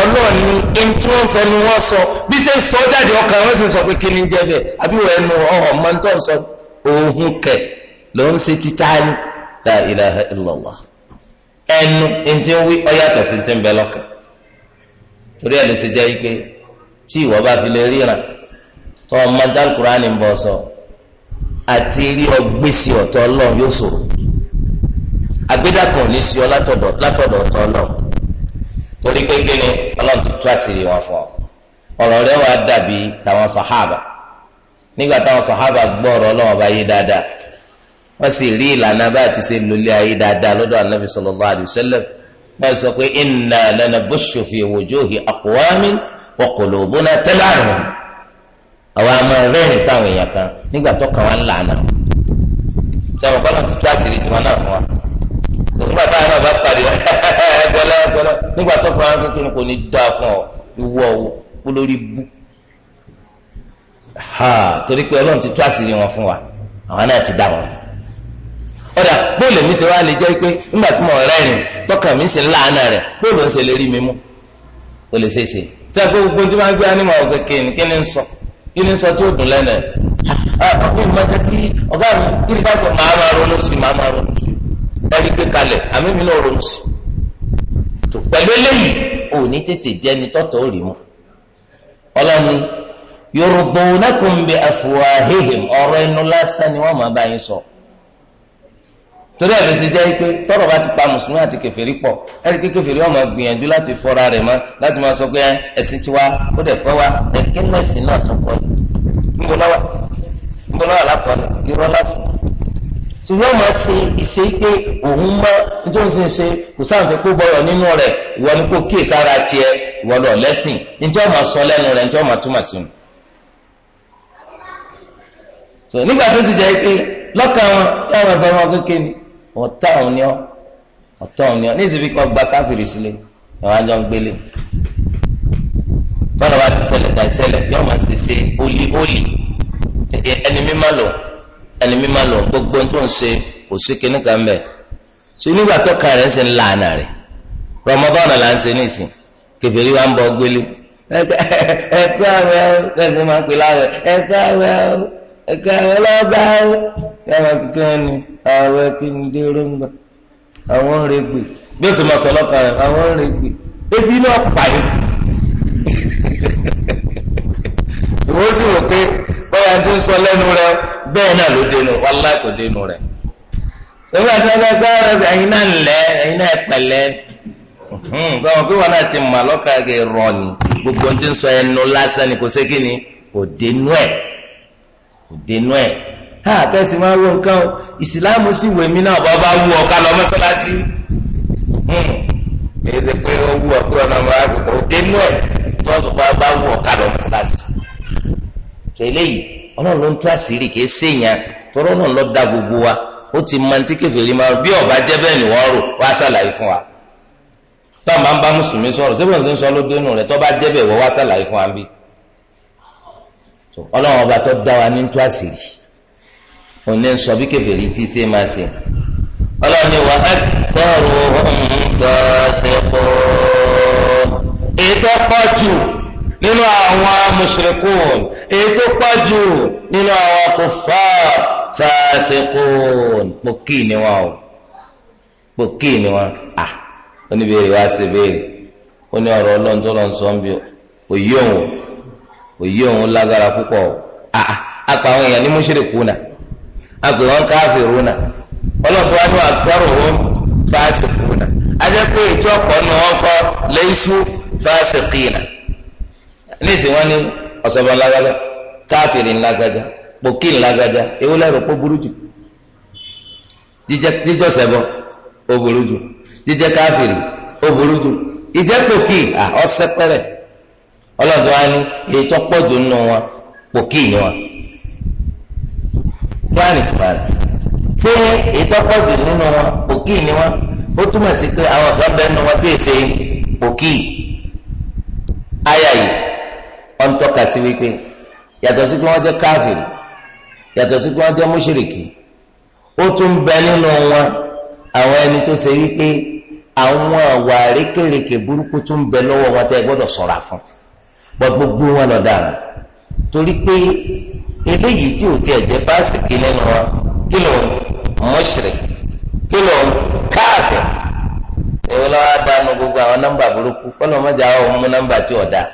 ọlọ́ọ̀ni ẹni tí wọ́n fẹnu wọn sọ bí ṣe ń sọ jáde ọkàn wọn sì sọ pé kí ni ń jẹ bẹ́ẹ̀ àbí wọ́n ẹnu ọ̀hún máa ń tọ́ sọ òun kẹ̀ ló ń ṣe títà ní la ilaha illallah ẹnu ẹni wí ọyàtọ̀ sí ti ń bẹ lọ́kàn torí ẹ̀ ṣe jẹ́ pé tí ìwọ bá fi lè ríran ọmọ dal kurani ń bọ̀ sọ àti rí ọgbésí ọ̀tọ̀ ọlọ́run yóò sòrò àgbédàkọ̀ ní sí ọ látọ̀dọ̀ látọ̀dọ̀ ọ̀tọ̀ ọlọ́run torí pé kíni ọlọ́run ti tú àṣírí wọn fún ọ ọ̀rọ̀ rẹ wàá dàbí tàwọn sọ̀háàbà nígbà táwọn sọ̀háàbà gbọ́ ọ̀rọ̀ ọlọ́run bá yé dáadáa wọ́n sì rí ìlànà bá àti ṣe lólé ayé dáadáa lọ́dọ̀ anábì sallallahu alaihi wasallam báyìí sọ pé inna lanabushu fi wujuhi aqwamin wa qulubuna tal'anuhum àwọn àmọ́ rẹ́rìn sáwọn èèyàn kan nígbà tó kàn wá ń lànà sẹ́wọ̀n kọ́nà ti náà fún wa nígbà táwọn náà bá nígbà tó kàn kékeré kò ní fún ọ ìwọ o bú ha torí pé ọlọ́run ti tú àṣírí wọn fún wa àwọn náà ti dá wọn ọ̀dà bóòlù mi ṣe wá lè jẹ́ pé nígbà tí mo rẹ́rìn tọkàn mi ṣe rẹ̀ bóòlù ń ṣe lè rí mi mú kò lè ṣeé ṣe tẹ́ gbogbo tí wọ́n gbé ọ̀gẹ̀kẹ̀ ní kí ni ń sọ. kí ni sọ tí ó dùn lẹ́nu ẹ̀ ah, ọkùnrin mẹ́ta tí ọ̀gá mi kí ni bá sọ màá máa ronú sí màá máa ronú sí ẹ̀rí gbé kalẹ̀ àmì mi náà ronú sí tó pẹ̀lú eléyìí ò ní tètè jẹ́ ni tọ́tọ̀ ó rí mu ọlọ́ni yorùbá onákùnrin bíi àfùwà hihim ọ̀rọ̀ ẹnu lásán ni wọ́n máa bá yín sọ. So torí ẹ̀rọ ṣe jẹ́ pé tọ́rọ̀ bá ti pa mùsùlùmí àti kẹfẹ́rí pọ̀ ẹ̀rí pé kẹfẹ́rí ọmọ gbìyànjú láti fọ́ra rẹ̀ mọ́ láti máa sọ pé ẹ̀sìn tiwa ó dẹ̀ pẹ́ wa ẹ̀sìn ẹ̀sìn náà tó pọ̀ níbo lọ́wọ́ níbo lọ́wọ́ lápọ̀lọ́ irọ́ lásán ṣùgbọ́n máa ṣe ìṣe pé òun mọ́ tó ń ṣe ṣe kò sáǹfẹ́ kó bọ̀rọ̀ nínú rẹ̀ ìwọ ni kò kíyè ọ̀tá òun ni ọ́ ọ̀tá òun ni ọ́ ní ìsìnkú kan gba káfíìrì sílẹ̀ ìwà jọ ń gbélé bọ́lá wa ti ṣẹlẹ̀ dà ìṣẹlẹ̀ yọ máa ṣe ṣe ólì ólì ẹni mímá lò ẹni mímá lò gbogbo tó ń ṣe kò sí kinní kan bẹ́ẹ̀ ṣe nígbà tó ka rẹ̀ ṣe ń la àná rẹ̀ Ramadan là ń ṣe nísìn kẹfẹ́rí wa ń bọ́ gbélé ẹ̀ka ẹ̀ka rẹ̀ ẹ̀ ẹ̀ka ẹ̀. ẹ̀kẹ́ àwọn ya ẹ̀ yàrá ni àwọn ẹ̀kẹ́ sọ ebi náà sì pé tó ń sọ lẹ́nu rẹ bẹ́ẹ̀ náà ló dénú wàhálà kò dénú rẹ ìwé rẹ ẹ̀yin náà lẹ̀ ẹ̀yin náà pẹ̀lẹ́ gbọ́n pé wọn náà ti mọ̀ lọ́kàn rẹ̀ rọ̀ ni gbogbo ohun tí ń sọ ẹnu lásán ni kò sé kí ni kò dénú kò dénú ha tẹ́sí máa ń nǹkan o ìsìláàmù sì wù mí náà bàbá wù ọkà ká lọ mọ́sálásí hmm. kìí ṣe pé ó wù ọ ọ̀nà ọmọ àgbẹ̀ kò dénú ẹ̀ bàbá wù ọ lọ mọ́sálásí. tó ọlọ́run ló ń àṣírí kìí tọ́rọ́ náà gbogbo wa ó ti tí máa ọba jẹ́ bẹ́ẹ̀ ni wọ́n rò wá ṣàlàyé fún wa. máa ń bá mùsùlùmí sọ̀rọ̀ ń sọ rẹ̀ ọlọ́run ọba tó dá wa ní tó àṣírí òní ń sọ bí kẹfìrí tí ṣe máa ṣe ọlọ́run ni wà á kọ́rọ̀ ọ̀hún fẹ́ẹ́ pọ̀ ètò pọ̀jù nínú àwọn mushrikun ètò pọ̀jù nínú àwọn kuffar fasiqun pòkì ni wọn o pòkì ni wọn à oníbèrè wa ṣe béèrè ó ní ọ̀rọ̀ ọlọ́run tó lọ sọ ń bí òye òun òye òun lágbára púpọ̀ àpò ah, ah, àwọn èèyàn ní mushrikuna àpò wọn kafiruna ọlọ́pàá wọn ní aktharuhum fasiquna ajẹpẹ ètò ọkọ ni wọn kọ laysu fasiqina níìsín wọn ní ọsọbọ ńlágbájá káfíìrì ńlágbájá pòkì ńlágbájá ewu lẹrọ pọ burú jù jíjẹ sẹbọ ó burú jù jíjẹ káfíìrì ó burú jù ìjẹ pòkì ọsẹ pẹrẹ ọlọ́dún wa ní èyí tó pọ̀jù nínú wọn pòkì ni wọn. kúránì tìpa rẹ̀ ṣé èyí tó pọ̀jù nínú wọn pòkì ni wọn ó túmọ̀ sí pé àwọn ọ̀gá bẹ́ẹ̀ nínú wọn tí ì ṣe pòkì. àyà yìí wọ́n ń tọ́ka sí wípé yàtọ̀ sí pé wọ́n jẹ́ káfìrì yàtọ̀ sí pé wọ́n jẹ́ mùṣírìkì ó tún bẹ nínú wọn àwọn ẹni tó ṣe wípé àwọn àwà rékèrèkè burúkú tún bẹ lọ́wọ́ wọn tẹ́ gbọ́dọ̀ ṣọ́ra fún bọ́ gbogbo wọn lọ dára torí pé eléyìí tí ò tiẹ̀ jẹ́ fásitì lẹ́nu wa kí ló mushrik kí ló káàfẹ̀ èwo lọ́wọ́ á dánú gbogbo àwọn nọ́mbà burúkú kọ́nà mọ́jà àwọn ọmọ nọ́mbà tí ò dáa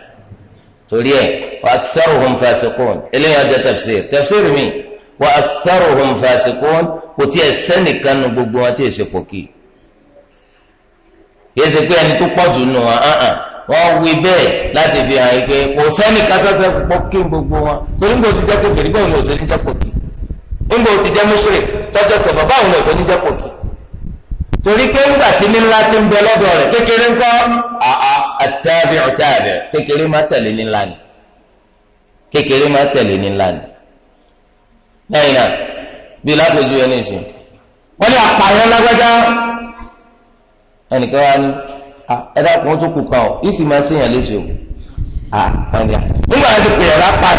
torí ẹ̀ wa aktharuhum fasiqun eléyìí ọjọ́ tafsir tafsir mi wa aktharuhum fasiqun kò tiẹ̀ sẹ́nìkan nu gbogbo wọn tí èsè pòkì yéé ṣe pé ẹni tó pọ̀ jù nù wọn wọ́n wí bẹ́ẹ̀ láti fi hàn yí pé kò sẹ́ni kátàsẹ́ púpọ̀ kí n gbogbo wọn torí ń bò ti jẹ́ pé fèrè báwọn ọ̀sẹ̀ ní jẹ́pọ̀ kí ń bò ti jẹ́ mùsùlùmí tọ́jọ́ sẹ̀fọ̀ báwọn ọ̀sẹ̀ ní jẹ́pọ̀ kí torí pé ńgbà tí nílá ti ń bẹ lọ́dọ̀ rẹ̀ kékeré ń kọ́ àà àtàbí ọ̀tàbí kékeré má tẹ̀lé nílá ni kékeré má tẹ̀lé nílá ni lẹ́yìn náà bí lápẹ̀jú ẹni ìsìn wọ́n ní Ah, ẹ dákun ó tún kù kan ọ yìí sì máa ṣèyàn léṣe o ah, nígbà tí pè é lápá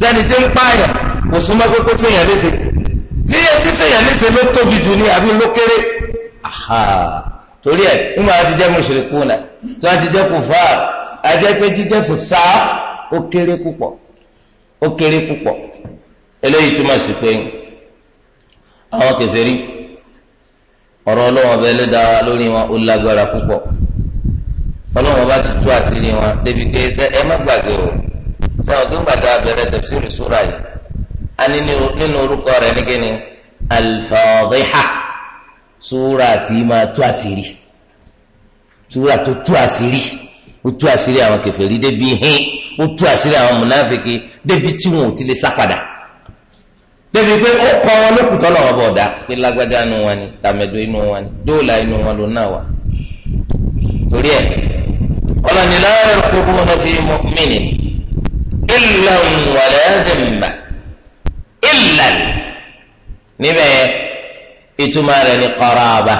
sẹ́ni tí ń pààyàn kò súnmọ́ pé kó ṣèyàn léṣe tí etí ṣèyàn léṣe ló tóbi jù ní àbí ló kéré torí ẹ nígbà tí jẹ́ mushrikuna tí wọ́n ti jẹ́ kufar ajẹ́ pé jíjẹ́ fùsà ó kéré púpọ̀ ó kéré púpọ̀ eléyìí túmọ̀ sí pé àwọn kèfèrí ọ̀rọ̀ ọlọ́wọ́n ọba ẹlẹ́dàá lórí wọn ó lágbára púpọ̀ ọlọ́wọ́n ọba ti tú àṣírí wọn débi pé ṣe ẹ má gbàgbé o ṣe ọ̀gbìn gbàgbé abẹ́rẹ́ tafsiri sura yìí a ní nínú orúkọ rẹ̀ ní kíni al-Fatiha sura tí máa tú àṣírí sura tó tú àṣírí ó tú àṣírí àwọn kèfèrí débi hín ó tú àṣírí àwọn mùnáfíkì débi tí wọn ò ti lè sá padà débi pé ó kọ́ wọn lókùtọ́ lọ́wọ́ bọ̀ dá pé lágbájá inú wọn ni tàmẹ̀dọ́ inú wọn ni dóòlà inú wọn ló náà wà. torí ẹ ọlọ́ni láàárọ̀ kókó wọn fi mọ́mìnì ìlà wàlẹ́ ẹ̀dẹ̀mbà ìlà níbẹ̀ ìtumọ̀ rẹ̀ ni kọ́raaba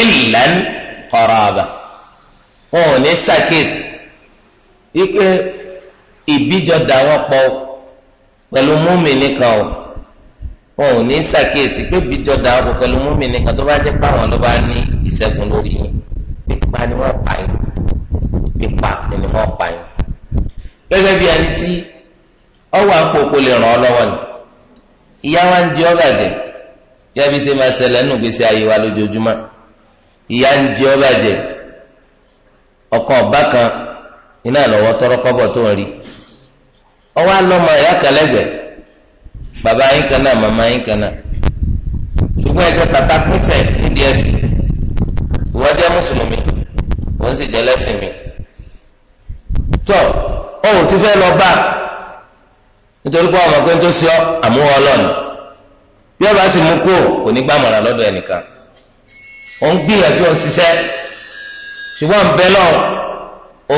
ìlà kọ́raaba wọn ò ní sàkíyèsí wípé ìbíjọ dà wọn pọ̀ ọ́. pẹ̀lú múmìnì kan o wọn ò ní ṣàkíyèsí pé bíjọ ọkọ pẹ̀lú múmìnì kan tó bá jẹ́ pé àwọn ní ìṣẹ́gun lórí yín pípa ni wọ́n pa yín pípa ni wọ́n pa yín gẹ́gẹ́ bí ẹni tí ọwọ́ àpòpò lè ràn ọ́ lọ́wọ́ ni ìyá wa ń di ṣe máa ṣẹlẹ̀ nínú gbèsè ayé wa lójoojúmọ́ ìyá ń di kan iná ọwọ alọmọ ẹyà bàbá yín kan náà yín ṣùgbọ́n tata pínsẹ̀ nídìí ẹ̀sìn ìwọ jẹ́ mùsùlùmí sì mi tọ́ ọ ò tún fẹ́ lọ bá nítorí pé ọmọ tó ṣe ọ àmúwọ bí ọba sì mú kó kò ní ẹnìkan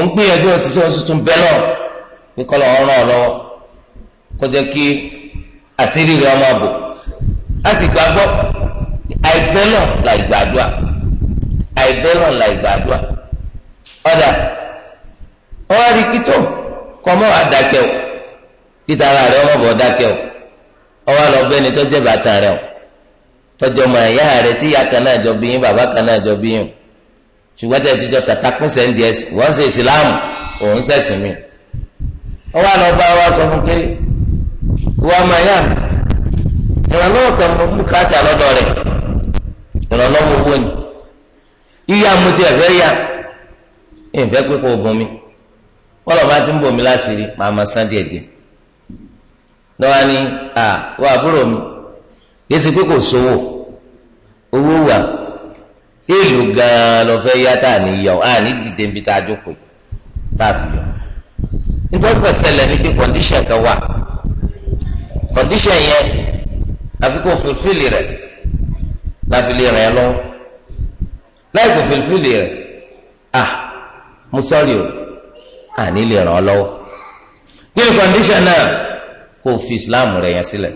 gbìyànjú ní kọ́lọ̀ ọ̀ràn lọ́wọ́ kó jẹ́ kí àṣírí rẹ̀ ọmọ a gbàgbọ́ àìgbẹ́ là ìgbàdúà àìgbẹ́ là ìgbàdúà ọ̀dà wọ́n rí kító kọ́ àdàkẹ́ o rẹ̀ ọmọ o ọwọ́ bàtà o tí ìyá kan náà jọ bí yín bàbá kan náà jọ bí yín ṣùgbọ́n tẹ̀ ti jọ tàtàkùn wọ́n ń ṣe ọwọ́ àlọ́ bá wa sọ fún pé wọ́n máa yá ìrànlọ́wọ́ kan mo mú káàtà lọ́dọ̀ rẹ̀ ìrànlọ́wọ́ owó ni yíyá ti ẹ̀fẹ́ yá mi wọ́n lọ́ọ́ bá ti ń màá san díẹ̀ díẹ̀ lọ́wọ́ ni à wọ́n àbúrò mi yé si pé kò sówó owó wà gan-an nítorí pẹ̀ ṣẹlẹ̀ ní kí kọ̀ǹdíṣàn kan wà kọ̀ǹdíṣàn yẹn àfi kò fulfili rẹ̀ láfi lè rìn lọ láì kò fulfili rẹ̀ ah mo sọ́ọ̀rì o àní lè ràn ọ́ lọ́wọ́ kí ni kọ̀ǹdíṣàn náà kò fi Islam rẹ̀ yẹn sílẹ̀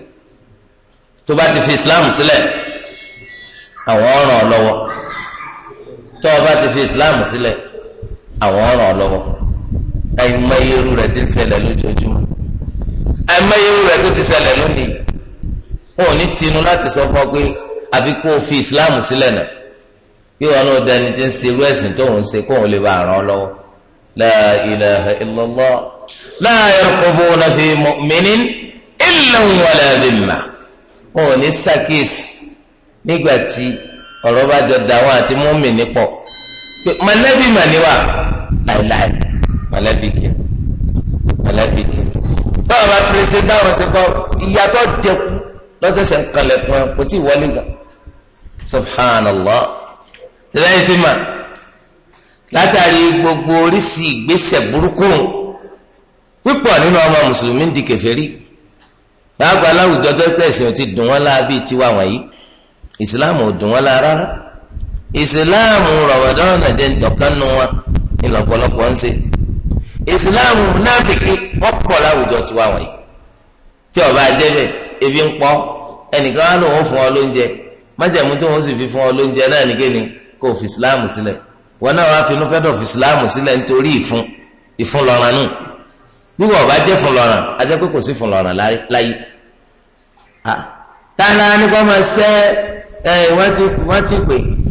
tó bá ti fi Islam sílẹ̀ àwọn ọ̀ràn ọ lọ́wọ́ tó o bá ti fi Islam sílẹ̀ àwọn ọ̀ràn ọ àìmọye irú rẹ̀ ti ń ṣẹlẹ̀ lójoojúmọ́ àìmọye irú rẹ̀ tó ti ṣẹlẹ̀ lónìí wọn ò ní tinú láti sọ fún ọ pé àfi kó o fi islam sílẹ̀ náà bí wọn náà dání ti ń ṣe irú ẹ̀sìn tó ń ṣe kó òun lè bá ràn án lọ́wọ́ la ilaha illallah la yarqubuna fi mu'minin illan wọn ò ní ṣàkíyèsí nígbà tí ọ̀rọ̀ bá jọ dà àti mọ́mìnì pọ̀ pé mà níwà láìláì mọ̀lẹ́bí kì mọ̀lẹ́bí kì báwo bá ti lè ṣe dáhùn ṣe kọ́ ìyàtọ̀ jẹku lọ́sẹ̀sẹ̀ nkanlẹ̀ tún ẹ kò tí ì wọlé gan subhanallah tẹ́lẹ̀ sí ma látàrí gbogbo oríṣi ìgbésẹ̀ burúkú pípọ̀ nínú ọmọ mùsùlùmí ń di kèfèrí láàgbà láwùjọ tó tẹ̀sìn ò ti dùn wọ́n láà bíi tiwa wọ̀nyí ìsìláàmù ò dùn wọ́n láà rárá ìsìláàmù rọ̀wọ̀dọ́rọ̀ nàìjẹ́ ń dọ̀kan wọn ní lọ́pọ̀lọpọ̀ ń ṣe ìsìláàmù mùnáfìkì wọ́n pọ̀ láwùjọ tiwa wọ̀nyí tí ọba jẹ́bẹ̀ ebi ń ẹnìkan á lóun fún ọ lóúnjẹ májẹ̀mú tí wọ́n sì fi fún ọ lóúnjẹ náà ní kéde kó fi si sílẹ̀ wọn náà wàá finú fi ìsìláàmù sílẹ̀ nítorí ìfún ìfún lọ́ràn nù wíwọ ọba fún pé kò sí fún láyé nípa máa ti pè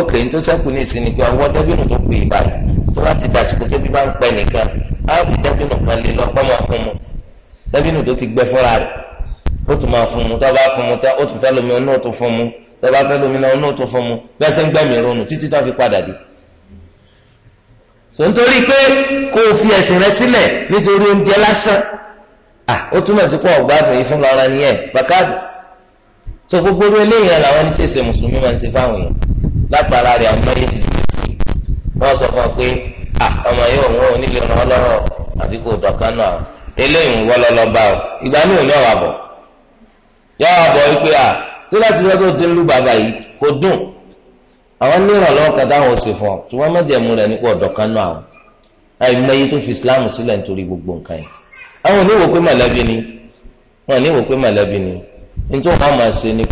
ókè ní tó sẹ́kù ní ìsinmi pé ọwọ́ dẹ́bìnù tó kù ìbá tó bá ti dàsìkò tó bí bá ń pẹ́ nìkan á fi dẹ́bìnù kan lè lọ pọ́nmọ́ fún mu dẹ́bìnù tó ti gbẹ fúnra rẹ̀ ó tún máa fún mu tó bá fún mu tó ó tún fẹ́ lómi ọ̀nà tó fún mu tó bá fẹ́ lómi ọ̀nà tó fún mu bẹ́ẹ̀ sẹ́ ń gbẹ̀mí ronú títí tó fi padà dé. sọ nítorí pé kó o fi ẹ̀sìn rẹ sílẹ̀ nítorí oúnjẹ lásán ah ó túmọ̀ sí pé ọ̀gbádùn yìí fún lọ́ra nìyẹn bàkádù so gbogbo orí látara rẹ̀ àmọye ti di kí wọn ọ pé à ọmọ yìí òun ò nílò ràn ọ lọ́wọ́ kò dọkan náà eléyìí ń wọ lọlọ bá ọ ìgbà wípé à tí láti fẹ́ tó ti ń lù bàbá yìí kò dùn àwọn nírànlọ́wọ́ kan táwọn ò sì fún ọ gbogbo nǹkan yìí àwọn ni mọ̀lẹ́bí ni máa ṣe ni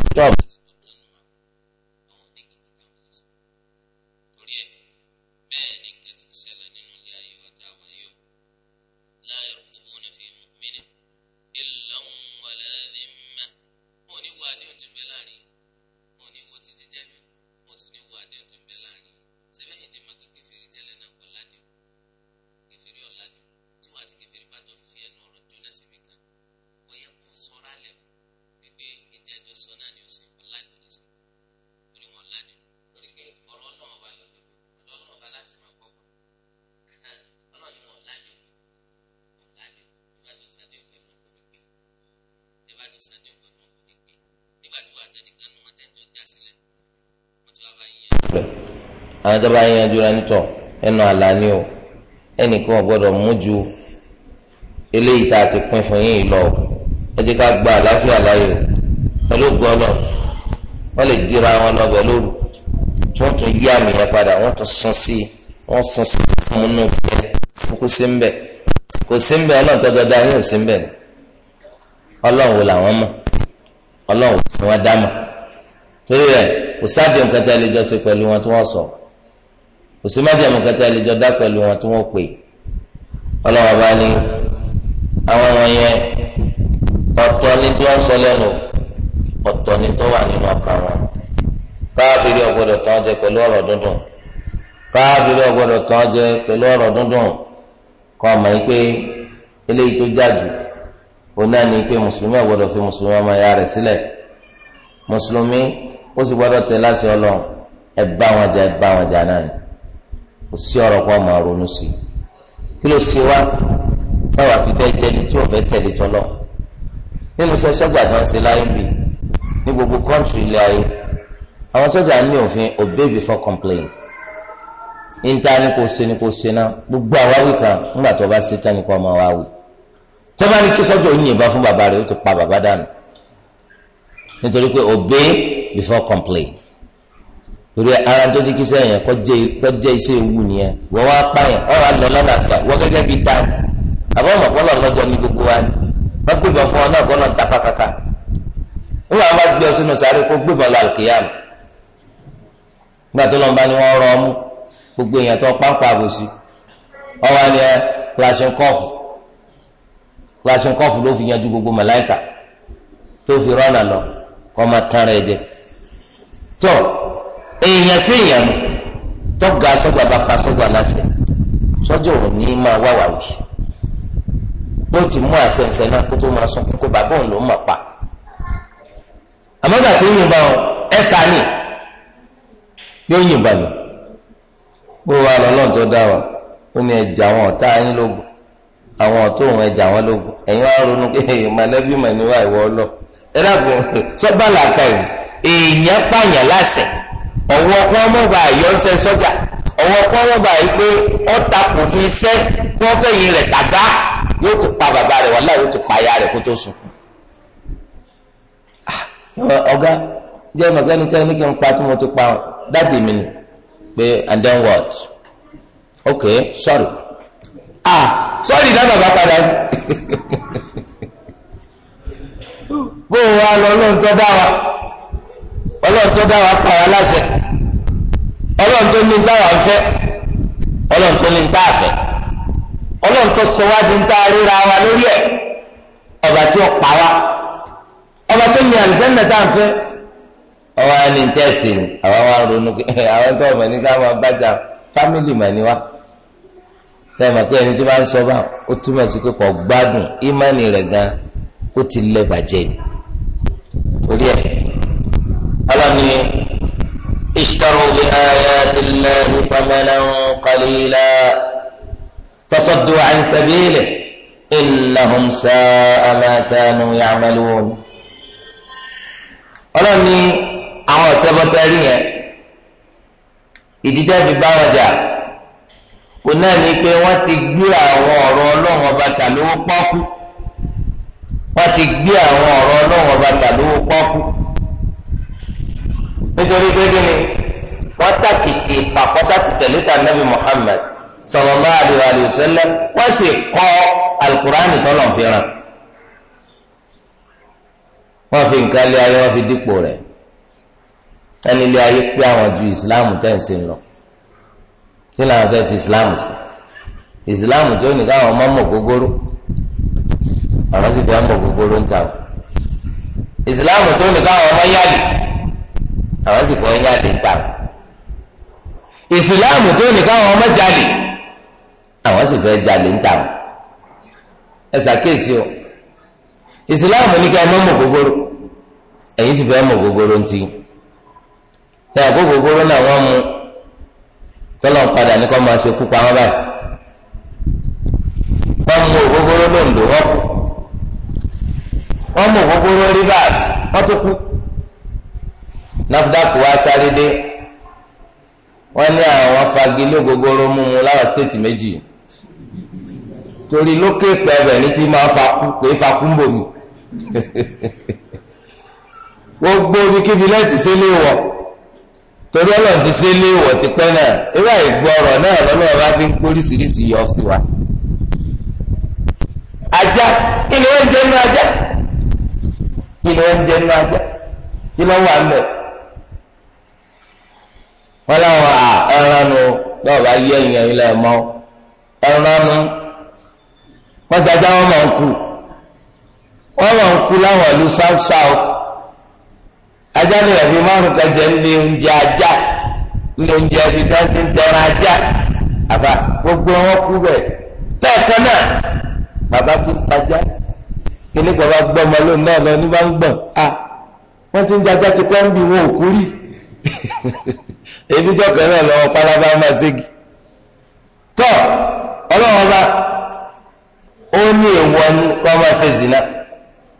àwọn dábàá yanjú rẹ nítọ ẹnu àlá ni o ẹnìkan ò gbọ́dọ̀ mú ju eléyìí tá a ti pín fún yín lọ ẹ jẹ́ ká gba àlàáfíà láyò pẹ̀lú gbọnà wọn lè dira wọn lọ pẹ̀lú tí wọn tún yí àmì yẹn padà wọn tún sí i wọn sí i kò sí ń bẹ tó dọdọ ò sí ń bẹ dá torí kò sáàdì nǹkan tí a lè jọ kò sí májèmú kẹta ìlẹjọ dá pẹ̀lú wọn tí wọ́n pè ọlọ́wọ́ bá ní àwọn ọmọ yẹn ọ̀tọ̀ ni tí wọ́n sọ lẹ́nu ọ̀tọ̀ ni tó wà nínú ọkàn wọn káàbìrì ọ̀gbọ́dọ̀ tán jẹ pẹ̀lú ọ̀rọ̀ dúndùn káàbìrì ọ̀gbọ́dọ̀ tán jẹ pẹ̀lú ọ̀rọ̀ dúndùn kọ́ ọmọ yìí pé eléyìí tó jájú òun náà ni pé mùsùlùmí ọ̀gbọ́dọ̀ fi mùsùlùmí ọmọ ya rẹ̀ sílẹ̀ mùsùlùmí ó sì gbọ́dọ̀ tẹ̀ láti ọlọ́run ẹ bá wọn jà ẹ bá wọn jà náà ni kò sí ọ̀rọ̀ kan máa ronú sí i kí ló ṣe wá táwa fi fẹ́ jẹni tí ò fẹ́ tẹ̀lé tọ́lọ́ nínú iṣẹ́ sọ́jà tó ń ṣe láyé bì ní gbogbo kọ́ńtì ilé ayé àwọn sọ́jà ní òfin obey before complain níta ni kò ṣe ni kò ṣe náà gbogbo àwáwí kan nígbà tó bá ṣe tán ni kò máa wá wí tó bá ní kí sọ́jà ò yìnbọn fún bàbá rẹ̀ ó ti pa bàbá dànù nítorí pé obey before complain. torí ara tó ti kí sẹ́yìn kọjá iṣẹ́ ewu nìyẹn wọ́n wá pààyàn ọ̀rọ̀ àlọ́ lọ́nà àfíà wọ́n gẹ́gẹ́ ọmọ ní gbogbo wa ni wọ́n gbébọn fún ọ náà kọ́lọ̀ ń tapá gbé ọ ni rọ ọmú gbogbo èèyàn tó àbòsí ẹ ló fi yanjú gbogbo tó èèyàn sí èèyàn ni tọ́gà sọ́jà bá pa sọ́jà láṣẹ sọ́jà ò ní máa wá wà wí bó ti mú àṣẹǹṣẹ náà kó tó máa sọ kó bàbá òun ló mọ̀ pa àmọ́gbà tó yìnbọn ẹ̀ sá ni yóò yìnbọn ni pé wa lọ́lọ́run tó dá wa ó ní ẹja àwọn ọ̀tá yín lógun àwọn ọ̀tó òun ẹja àwọn lógun ẹ̀yin wá ronú pé mọ̀lẹ́bí mọ̀ níwá ìwọ lọ ẹ dàbọ̀ sọ́bàlà kan èèyàn pààyàn láṣẹ ọ̀wọ́ kọ́ mọ̀ bá yọ̀ọ́sẹ̀ sọ́jà ọ̀wọ́ kọ́ mọ̀ bá yìí pé ọ́ ta kò fi iṣẹ́ kí wọ́n fẹ̀yìn rẹ̀ tàgbá yóò ti pa bàbá rẹ̀ wàhálà yóò ti pa ìyá rẹ̀ kó tó sùn. Ah, ọ̀gá jẹ́ mọ̀gánì tẹ́lẹ̀ ní kí n pa tí mo ti pa dáàdì mi ni pé and then what okay sorry ah sorry dá bàbá padà bó o wá lọ lóun tó bá wa. ọlọ́run tó dá wa pa wá láṣẹ ọlọ́run tó ní wa fẹ́ ọlọ́run tó ní fẹ́ ọlọ́run tó sọ wá di ríra wa lórí ẹ̀ ọba tí ó pa ọba tó ní tá fẹ́ àwọn wa ronú eh, àwọn tó ọmọ ní ká fámìlì ní wa sẹ́yìn mọ̀ pé ẹni tí wọ́n sọ bá ó túmọ̀ sí pé kò gbádùn ọlọ́ni ìṣtàrò bí ayati Allahi thamanan qalila tasaddu an sabilihi innahum sa'a ma kanu ya'malun. ọlọ́ni àwọn ọ̀sẹ̀ bọ́tẹ́rì yẹn ìdíjẹ́ fi bá wọn jà kò náà ní pé wọ́n ti gbé àwọn ọ̀rọ̀ ọlọ́run ọba tà lówó pọ́kú wọ́n ti gbé àwọn ọ̀rọ̀ ọlọ́run ọba tà lówó pọ́kú nítorí pé kí ni wọ́n tàkìtì pàkọ́sà ti tẹ̀lé ta nabi Muhammad sallallahu alaihi wa sallam wọ́n sì kọ́ alukur'ani tọ́lọ̀ fi ràn wọ́n fi nǹkan lé ayé wọ́n fi dípò rẹ̀ ẹni lé ayé pé àwọn ju ìsìláàmù tẹ̀ ń ṣe lọ kí làwọn fẹ́ fi ìsìláàmù sí ìsìláàmù tí ó ní káwọn ọmọ mọ̀ gbogbooro àwọn sì fẹ́ mọ̀ gbogbooro ń ta ìsìláàmù tí ó ní káwọn ọmọ yáàlì àwọn sì fọyín yá lè gbà ìsìláàmù tó nìkan àwọn ọmọ jalè àwọn sì fẹ́ jalè ń tà wọn ẹ ṣàkíyèsí o ìsìláàmù ní ká ẹ mọ̀ gbogbooro ẹ̀yin sì fẹ́ mọ̀ gbogbooro ń ti ṣe àgbo gbogbooro náà wọ́n mu tọ́lọ̀ padà ní kọ́ máa ṣe kú pa wọ́n báyìí wọ́n mu ògógóró lòǹdó wọ́n kú wọ́n mu ògógóró rivers wọ́n tó kú. NAFDAC wá sáré dé wọ́n ní àwọn fagilé gogoro múmu láwọn stéètì méjì torí lókè pẹ̀rẹ̀ ní tí máa pé fakúnbòmù gbogbo ibikíbi lẹ́ẹ̀tì sí ilé wọ̀ torí ọlọ́run ti sí ilé wọ̀ ti náà ewé àìgbọ́rọ̀ náà lọ́lọ́run bá fi ń póríṣiríṣi yọ sí wa ajá kí ni wọ́n ń jẹ́ nínú ajá kí ni wọ́n ń jẹ́ nínú ajá kí ló wà ń bẹ̀ wọn làwọn a ẹran nu báwo bá yẹ ìyẹn ilẹ̀ mọ́ ẹran wọn jaja wọn máa ń kú wọn máa ń kú láwọn ìlú south south ajá ni rẹ̀ fi márùn kẹjẹ ní oúnjẹ ajá ní oúnjẹ ibi tí wọ́n ti ń tẹran ajá àbá gbogbo wọn kú bẹ́ẹ̀ lẹ́ẹ̀kan náà bàbá ti ń tajá kíní kan bá gbọ́ ọmọ lónìí náà lọ ní bá ń gbọ̀n a wọ́n ti ń jajá ti pẹ́ ń bí wọn ò kú rí ebido kan náà lọ́wọ́ pálábá máa ségi ó ní èèwọ̀ zina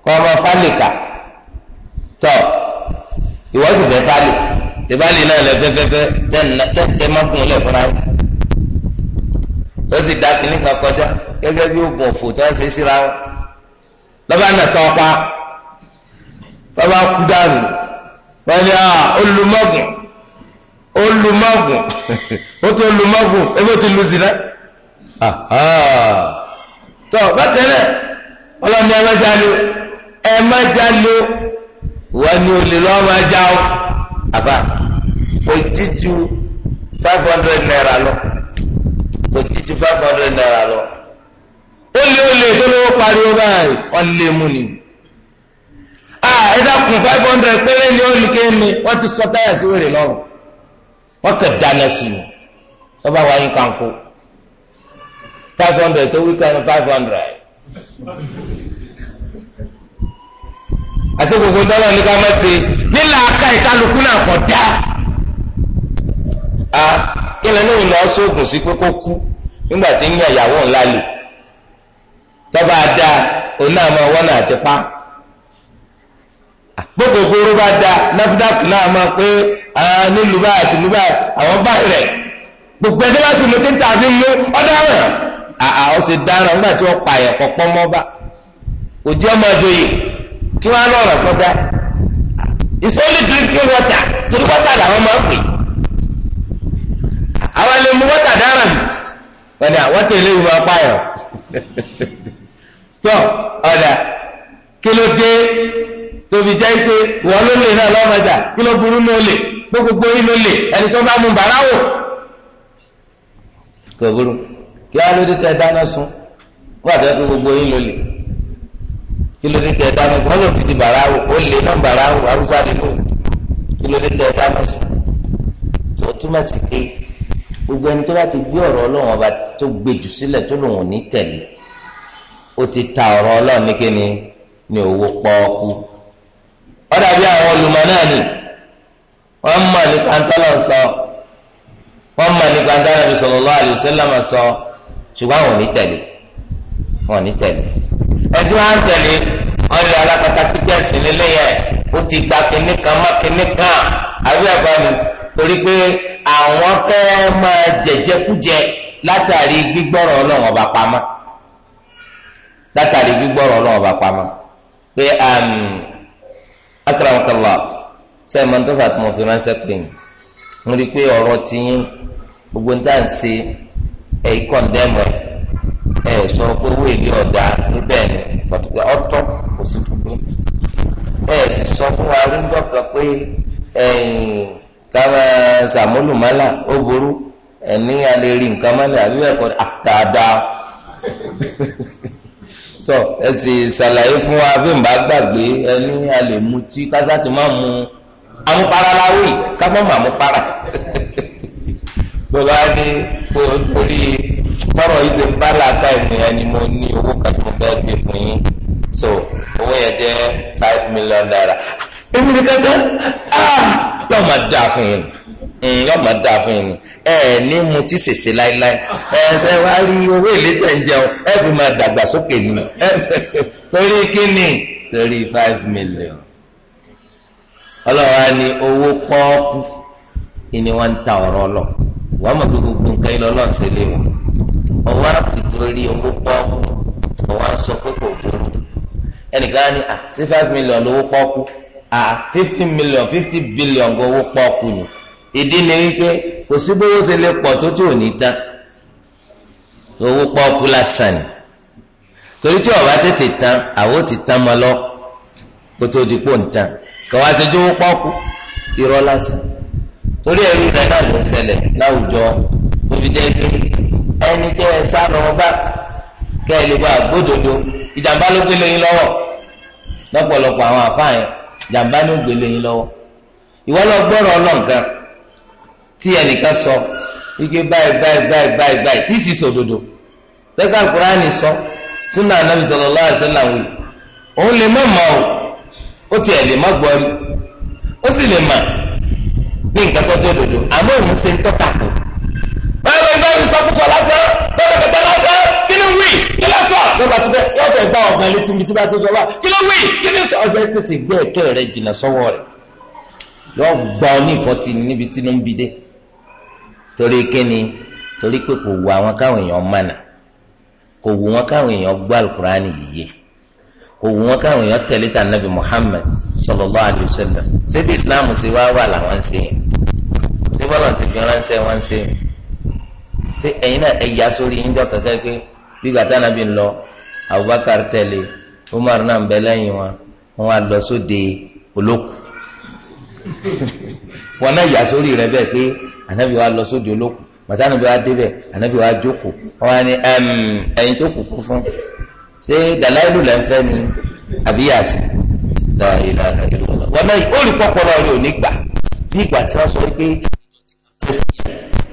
kọ́ máa fálìkà tọ́ náà lẹ fẹ́fẹ́fẹ́ tẹ́tẹ́ mọ́kùnrin lẹ̀ fúnra rẹ̀ ó sì dá kan kọjá bí oògùn òfò ṣe síra wọn náà pa kú dànù ó lu mágùn ó tó lu mágùn ebó ti lu zina tó bákẹ́lẹ̀ ọlọ́ni ẹ má jalè ẹ má jalè wọ́n ní olè lọ́wọ́ máa já o àfa kò five hundred naira lọ kò jíjú five hundred naira lọ olè olè tó lówó pariwo báyìí ọ̀lẹ mú ni ah ẹ dákun five hundred péré ni ó ní kéèmé wọ́n ti sọ táyà sí wèrè lọ́rùn wọ́n kẹ̀ dáná sí i sọ́ba wa yín kanko five hundred tó wí kan five hundred àti gbogbo tọ́lọ̀ ní ká má ṣe nílà aka ìkálukú náà kọ̀ dá a kílẹ̀ ní ìlọ sóògùn sí pé kó kú nígbà tí ń yan ìyàwó ńlá lè tọ́ba dá òun náà máa wọ́n náà ti pa. gbogbo gbòòrò bá da NAFDAC náà máa pé nílùú àti nílùú àwọn báyìí rẹ̀ gbogbo ẹni bá sì mú títà àbí mú ọ̀daràn àà ó sì dáràn nígbà tí pa àyẹ̀ kọ̀ọ̀pọ̀ bá òjì ọmọ ìjòyè kí wọ́n á lọ́ọ̀rọ̀ kọjá it's only drinking water torí water làwọn máa ń pè àwọn ilé mu water dáràn mi wọ́n dà tó kí ló dé. tóbi jẹ́ pé wọ́n ló lè náà lọ́mọdà kí ló burú ló lè gbogbogbò yìí ló lè ẹni tó bá mú bàrà wò. kò burú kí á ló dé tẹ dáná sun wọ́n àti ẹ̀kọ́ gbogbo yìí ló lè kí ló dé tẹ dáná sun wọ́n lò ti di bàrà wò ó lè náà bàrà wò haúsá ni lò kí ló dé tẹ dáná sun. tó túmọ̀ sí pé gbogbo ẹni tó bá ti gbé ọ̀rọ̀ ọlọ́run ọba tó gbé jù sílẹ̀ tó lòun ò ní tẹ̀lé ó ti ta ọ̀rọ̀ ọlọ́run ní kíni ní owó pọ́ọ́kú wọ́n dàbí àwọn olùmọ̀ náà ni wọ́n mọ̀ ní pantalọ sọ wọ́n mọ̀ ní pàǹtálọ̀ bí sọ ṣùgbọ́n àwọn ò ní tẹ̀lé wọn ò ní tẹ̀lé ẹtí wọn á tẹ̀lé wọn lè ti gba kínní kan má kínní kan àbí ma torí pé àwọn fẹ́ máa akramakallah sẹ́yìn mọ́tòfà tí mo fi ránṣẹ́ pè yín n rí i pé ọ̀rọ̀ ti yín gbogbo ní tàn ṣe ẹ̀ ikọ̀ ndẹ́mọ̀ ẹ̀ sọ pé owó èlé ọ̀dà níbẹ̀ ni pàtùkà ọ̀tọ̀ kò sí gbogbo ẹ̀ sì tọ ẹ sì ṣàlàyé fún wa bí n bá gbàgbé ẹni a lè mutí kásá ti máa mu amúparaláwì kápọ́ mọ̀ amúpara bọ́lá ní so torí tọrọ yìí ṣe bá làákà ènìyàn ni mo ní owó kan tó fún yín so owó yẹn jẹ́ five million naira èmi nìkan tán ah, yóò máa dáa fún yín mm, yóò máa dáa fún yín ẹ ní mu tí sèse láéláé ẹ ṣe wá rí owó èlé tẹ̀ ń jẹun ẹ fi máa dàgbàsókè nù torí kí ni torí five million ọlọ́wà ni owó pọ́ọ́kú ni wọ́n ń ta ọ̀rọ̀ lọ wọ́n mọ̀ pé gbogbo nǹkan ilé ọlọ́ọ̀sẹ̀ lé wọn ọwọ́ àti torí owó pọ́ọ́kú ọwọ́ sọ pé kò ẹnìkan ni ní sí ah, five million lówó pọ́ọ́kú à ah, fifty million fifty billion owó pọ́ọ́kú ni ìdí ni wípé kò sí ṣe lè pọ̀ tó tí ò ní tán owó pọ́ọ́kú torí tí ọba tètè tán àwọ ti tán mọ lọ kó tó di pò ń tán kàwá ṣe jó owó pọ́ọ́kú irọ́ lásán torí rẹ̀ ṣẹlẹ̀ láwùjọ kẹ́ ẹ lè bá gbódodo ìjàmbá ló gbélé yín lọ́wọ́ lọ́pọ̀lọpọ̀ àwọn àfáàyàn ìjàmbá ló gbélé yín lọ́wọ́ ìwọ lọ gbọ́rọ̀ ọlọ́nkan tí ẹnìkan sọ ike báyìí báyìí báyìí báyìí báyìí tí sì sòdodo tẹ́ka kúránì sọ súnà anábì sallallahu alaihi wasallam òun lè má mọ̀ o ó tiẹ̀ lè má rí ó sì lè ní nǹkan tó òun ṣe ń tọ́ta kù báyìí báyìí sọ bẹ́ẹ̀ bẹ́ẹ̀ bẹ́ẹ̀ kí ló wí kí ló sọ lọba tó fẹ yọ fẹ gbá ọgbà létí mi tí bá tó sọ wá kí ló wí kí ló sọ ọjọ tètè gbé ẹ̀kẹ́ rẹ̀ jìnnà sọ́wọ́ rẹ̀ yọ gbà ọ ní ìfọtí níbi tí ló ń bi dé torí kíni torí pé kò wù àwọn káwọn èèyàn mànà kò wù wọn káwọn èèyàn gbọ́ alukurani yìí kò wù wọn káwọn èèyàn tẹ̀lé ta nabi Muhammad sallallahu alayhi wa sallam ṣébi islam ṣe wá wà làwọn ń ṣe yẹn ṣé bọ́lá ṣe fi ránṣẹ́ wọn ṣe yẹn ṣé ẹ̀yin náà ẹ̀yà sórí yín jọ kankan pé bí gàtá nàbí ń lọ Abubakar tẹ̀lé Umar náà ń bẹ lẹ́yìn wọn wọn á lọ sóde olóku wọn náà yà sórí rẹ bẹ́ẹ̀ pé ànábì wa lọ sóde olóku bàtà ànábì wa débẹ̀ ànábì wa jókòó wọn á ní ẹyin tó kù kú fún ṣé dàláìlú lẹ́ ń fẹ́ ni àbí yàsí wọn náà olùpọ̀pọ̀lọ́ rẹ ò ní gbà bí ìgbà tí wọ́n sọ pé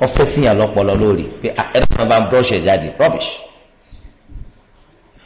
ọfẹ́ síyàn lọ́pọ̀lọ́ lórí pé ah, ẹ̀rọ kan bá ń bọ́ọ̀ṣẹ̀ jáde rubbish.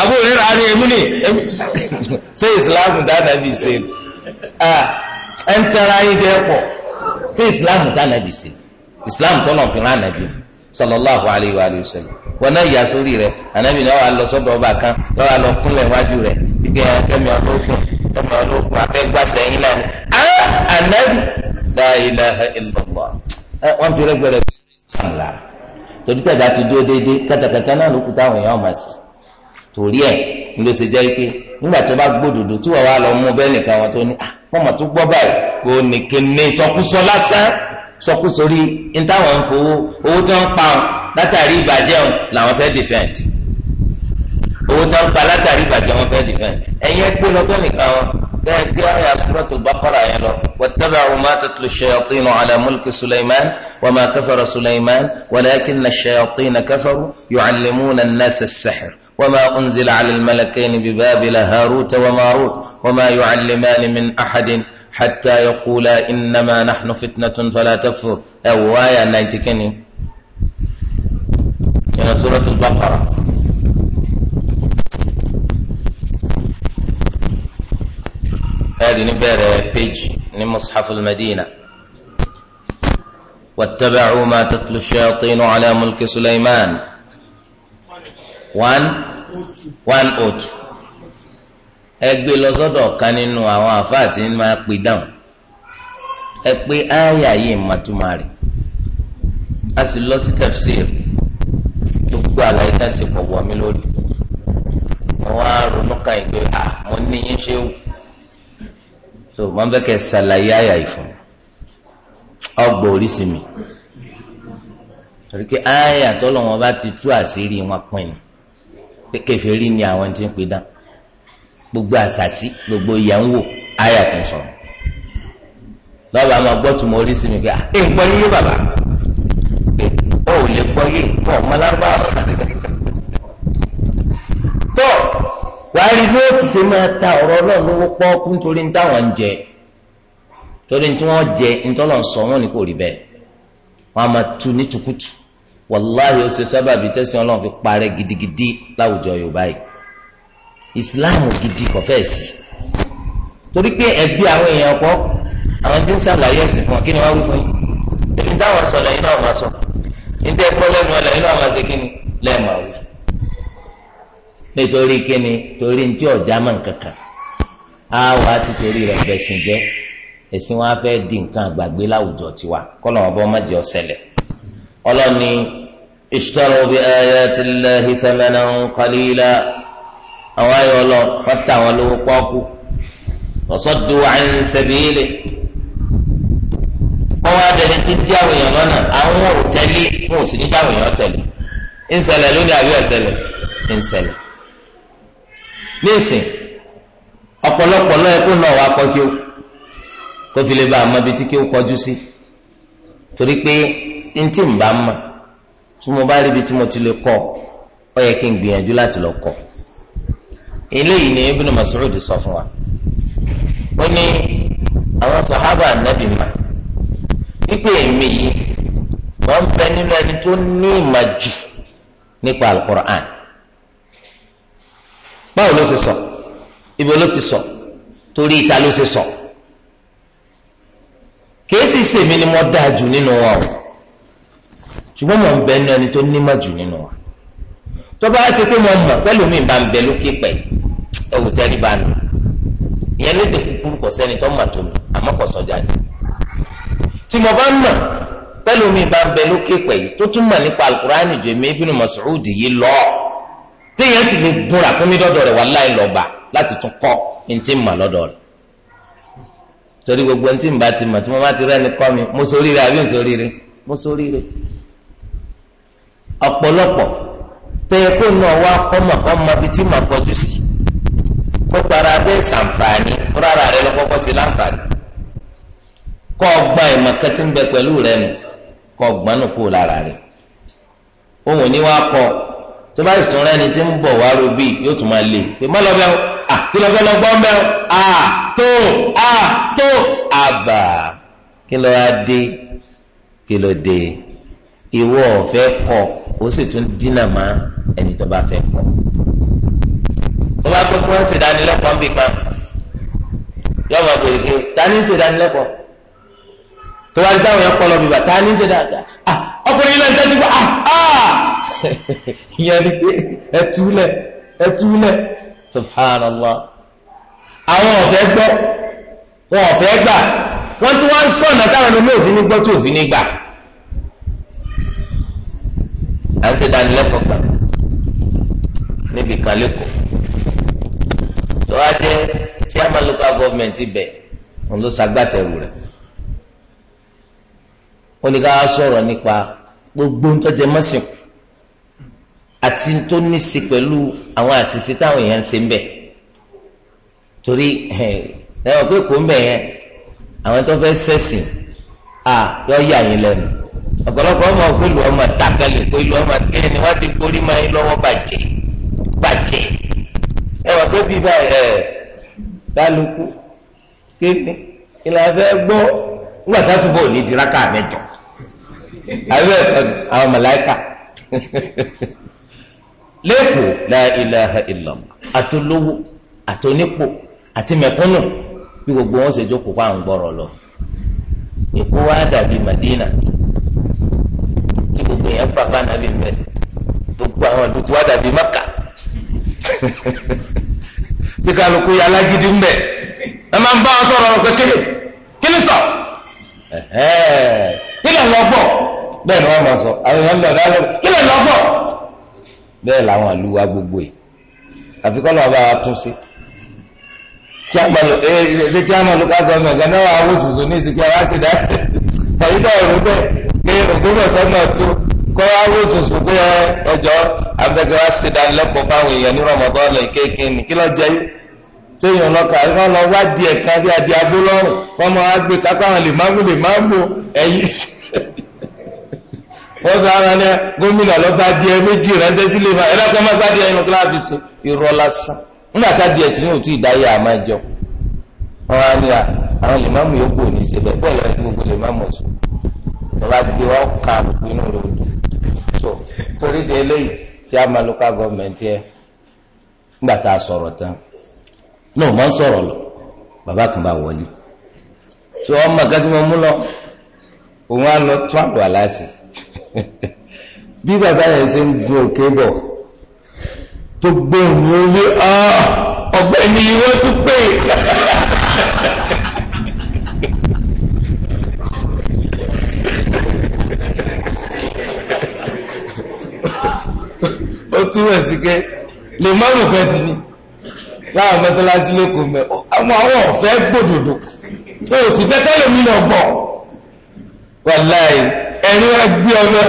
abu rira ni èmi ni ṣé islam tá nàbì ṣe ẹ ń tẹ́ra yín jẹ́ pọ̀ ṣé islam tá nàbì ṣe islam tó lọ́n fi rán nàbì sallallahu alayhi wa sallam wọn náà yà sórí rẹ̀ ànábì náà wà lọ sọ́dọ̀ ọba kan náà wà lọ kúnlẹ̀ wájú rẹ̀ gbígbé kẹmi ọlọ́gbọ̀n kẹmi ọlọ́gbọ̀n afẹ́ gbàsẹ̀ yín náà ni ànábì la ilaha illallah wọn fi rẹ gbẹrẹ islam la torí tẹ̀ bá ti dúró déédéé kàtàkàtà náà ló kú táwọn èèyàn máa sè é torí ẹ̀ ló ṣe jẹ́ pé nígbà tó bá gbódòdó tí wọ́n wá lọ mú bẹ́ẹ̀ nìkan wọn tó ní fọ́ọ̀mù ah, tó gbọ́ báyìí kò ní kíni sọkúsọ lásán sọkúsọ rí ní táwọn ń fowó owó tó ń pa wọn látàrí ìbàjẹ́ wọn làwọn fẹ́ dìfẹ́ǹdì owó tó ń pa látàrí ìbàjẹ́ wọn fẹ́ dìfẹ́ǹdì ẹ̀yin ẹgbẹ́ lọ́gbọ́n nìkan wọn gẹ́gẹ́ àyà suratul baqara yẹn lọ wattaba'u ma tatlu ash-shayatinu ala mulki suleiman wa ma kafara suleiman walakinna ash-shayatina kafaru yu'allimuna an-nasa as-sihr وما أنزل على الملكين ببابل هاروت وماروت وما يعلمان من أحد حتى يقولا إنما نحن فتنة فلا تكفر أو آية نايتكني هنا سورة البقرة هذه نبرة بيج من مصحف المدينة واتبعوا ما تتلو الشياطين على ملك سليمان one one o two ẹ gbé lọ sọ́dọ̀ kan nínú àwọn àfáà tí máa pè dáhùn ẹ pé ááyà yìí máa túmọ̀ rẹ̀ a sì lọ sí tafsir gbogbo àlàyé tẹ̀sí pọ̀ wọ̀ mí lórí mo wá kan ìgbé à mo ní yín ṣé wù so wọn bẹ kẹ ṣàlàyé àyà ìfún ọgbọ orísìí mi torí pé àyà tọ́lọ̀ wọn bá ti tú àṣírí wọn pin ni pé kèfèrí ni àwọn ti ń pè gbogbo àṣàṣì gbogbo ya ayé àti sọ̀rọ̀ lọba máa gbọ́ mọ orí sí mi pé ẹ ń gbọ́ yíyé bàbá ó lè gbọ́ yé nǹkan ọmọ tó wàá rí ta ọ̀rọ̀ náà lówó pọ́ọ́kú nítorí ń táwọn ń jẹ torí tí wọ́n jẹ sọ tu ní wàláhì ó ṣe sábàbí tẹ̀sán ọlọ́run fi parẹ́ gidigidi láwùjọ yorùbá yìí ìsìláàmù gidi kò fẹ́ sí torí pé ẹbí àwọn èèyàn kọ́ àwọn tí ń ṣàlàyé ẹ̀sìn fún ọ kí ni wọ́n wí fún yín tèmi táwọn sọ lẹ́yìn náà máa sọ níta ẹ̀kọ́ lẹ́nu ẹ̀ lẹ́yìn náà máa ṣe kí ni lẹ́ẹ̀mà wí nítorí kí ni torí ntí ọ̀já mọ̀ nkankan á wà á ti torí rẹ̀ bẹ̀sìn jẹ́ ẹ̀sìn wọn á fẹ́ di nǹkan àgbàgbé láwùjọ tiwa kọ́ lọ́wọ́ bọ́ má jẹ́ ọ̀sẹ̀lẹ̀ ọlọ́ni ìṣòro bí ayé tilẹ̀ hìtẹ́mẹ́nà ń kọ́lé ilá àwọn ayé ọlọ́ pátá àwọn lówó pọ́ọ́kú ọ̀sọ́dù àìsèbílẹ̀ wọ́n wá dẹni tí dí àwọn èèyàn lọ́nà àwọn ò tẹ̀lé wọn ò sì ní dí àwọn èèyàn tẹ̀lé ń ṣẹlẹ̀ lónìí àbí ọ̀sẹ̀lẹ̀ ń ṣẹlẹ̀ ọ̀pọ̀lọpọ̀ lọ́yẹ kó náà wá kọjú kó fi lè bá àmọ́ ibi tí kí ó kọjú sí torí pé ntí n bá mà tí mo bá ríbi tí mo ti lè ọ yẹ kí n gbìyànjú láti lọ eléyìí ni sọ fún wa ó ní àwọn sàhábà nàbì mà wípé èmi yìí wọ́n ń bẹ nínú ẹni tó ní ìmà jù nípa alukur'an báwo ló sọ ibo ló sọ torí ìta ló sọ kèésì sèmi ni mo dáa jù nínú wọn o. ṣùgbọ́n mọ̀ ń bẹ ní ẹni tó nímọ̀ jù nínú wa tó bá ṣe pé mo mọ̀ pẹ̀lú mi bá ń bẹ lókè pẹ̀ ẹ̀wù tẹ́rí bá mi ìyẹn ló dé kúkúrú kọ̀ sẹ́ni tó mọ̀ tó mi àmọ́ kọ̀ sọ jáde tí mo bá mọ̀ pẹ̀lú mi bá ń bẹ lókè pẹ̀ tó tún mọ̀ nípa alukurani ju èmi Ibn Mas'ud yìí lọ téèyàn sì lè gbúra fún mi dọ́dọ̀ rẹ̀ wallahi lọ́ba láti tún kọ́ ní ti mọ̀ lọ́dọ̀ rẹ̀ torí gbogbo ní ti mọ̀ tí mo bá ti rẹ́ni kọ́ mi mo sóríire àbí mo sóríire mo sóríire. ọ̀pọ̀lọpọ̀ tó yẹ kó náà wá kọ́mọ̀ kọ́mọ bíi tí màá kọjú sí kó tara bẹ́ẹ̀ sàǹfààní rárá rẹ lọ́kọ́kọ́ sí láǹfààní kọ́ ìmọ̀kẹ́ tí ń bẹ pẹ̀lú rẹ nù kọ́ ọgbọ́nù kú lára rẹ tó bá ń bọ̀ wá yóò tún máa pé má lọ bẹ́ẹ̀ o à kí lọ bẹ́ẹ̀ lọ gbọ́n ó sì tún dínà má ẹni tó bá fẹ́ kọ́ tó bá pẹ́ kí wọ́n ṣe dánilẹ́kọ̀ọ́ ń bì kan yọ ọmọ àgbèrè pé ta ni ń ṣe dánilẹ́kọ̀ọ́ tó wá dáhùn yẹn kọ́ lọ bíbá ta ni ń ṣe dáadáa ah ọkùnrin náà ń tẹ́tí gbọ́ ah ah ìyẹn ni pé ẹtúlẹ̀ ẹtúlẹ̀ subhanallah àwọn ọ̀fẹ́ gbọ́ wọn ọ̀fẹ́ gbà wọ́n tún wá ń sọ̀nà táwọn ọmọ òfin ní gbọ́ tó òfin ní gbà à ń ṣe dánilẹ́kọ̀ọ́ kan níbi kan lẹ́kọ̀ọ́ tó wá jẹ́ chairman local government ibẹ̀ òun ló ṣagbátẹrù rẹ̀ ó ní ká sọ̀rọ̀ nípa gbogbo ń tọ́jẹ mọ́sìn àti tó ní sí pẹ̀lú àwọn àṣìṣe táwọn èèyàn ń ṣe ń bẹ̀ torí ẹ̀rọ pé kò ń bẹ̀ yẹn àwọn tó fẹ́ sẹ̀sìn à yọ yà yín lẹ́nu ọ̀pọ̀lọpọ̀ ọmọ òfin lu ọmọ takalẹ̀ pé lu ọmọ kẹ́lẹ́ ni wọ́n ti borí máa ń lọ́wọ́ bàjẹ́ bàjẹ́ ẹ wà tó bí báyìí ẹ kálukú kéde ìlànà gbọ́ nígbà tásùbọ̀ ò ní di rákà mẹ́jọ àwọn màláíkà lẹ́kọ̀ọ́ la ilaha illallah àtolówó àtonípò àti mẹ̀kúnnù bí gbogbo wọn ṣe jókòó fáwọn gbọ́rọ̀ lọ èkó wa dàbí Madina bàbá nàbí mbẹ gbogbo àwọn ìlú tí wàá dàbí maka tí kálukú yà alágídí mbẹ ẹ máa ń bá wọn sọ̀rọ̀ ọ̀rọ̀ kékeré kí ni sọ kí lè lọ bọ bẹ́ẹ̀ ni wọn máa sọ àwọn èèyàn lọ dáná kí lè lọ bọ bẹ́ẹ̀ làwọn ìlú wa gbogbo yìí àfi kọ́ lọ́wọ́ bá wa tún sí tí a gbàlù ẹ ṣe tí a máa lu ká gọ́ọ̀mù ẹ̀gá náà wà á wò sùsù ní ìsìnkú ẹ̀ wá sí dáa ọ̀yìn náà rò bẹ́ẹ̀ pé ògbómọ̀ṣọ́ náà tún. kọ́ awó sòsò ọjọọ ẹjọ́ abẹ́gẹ́ wa ṣe fáwọn èèyàn ní rọmọdọ́nù ike ní kí lọ́ọ́ jẹ́ yìí sẹ́yìn ọlọ́kà lọ wá di ẹ̀ka bí adi agbólọ́rùn wọ́n kápá wọn lè má mú lè má mú ẹ̀yìn wọ́n sọ ara ní gómìnà ma ẹ̀rọ kan máa kíláàbì irọ́ lásán nígbà tí yóò tún àmà jọ á ní àwọn lè má torí de eléyìí a máa local government ẹ nígbà tá a sọ̀rọ̀ tán náà lọ bàbá kan bá wọlé tí wọ́n mọ̀ kẹ́tí mo mú lọ òun á lọ tún àlọ́ aláṣẹ bí bàbá yẹn ṣe ń gun òkè tó túwẹ̀ sí pé lè mọ́rù fẹ́ sí ni láwọn mọ́sálásí lẹ́kọ̀ọ́ mẹ́ àwọn àwọn ọ̀fẹ́ gbòdòdò ó sì fẹ́ tẹ́lẹ̀ mi lọ gbọ̀ wàláì ẹ̀rí wọn gbé ọmọ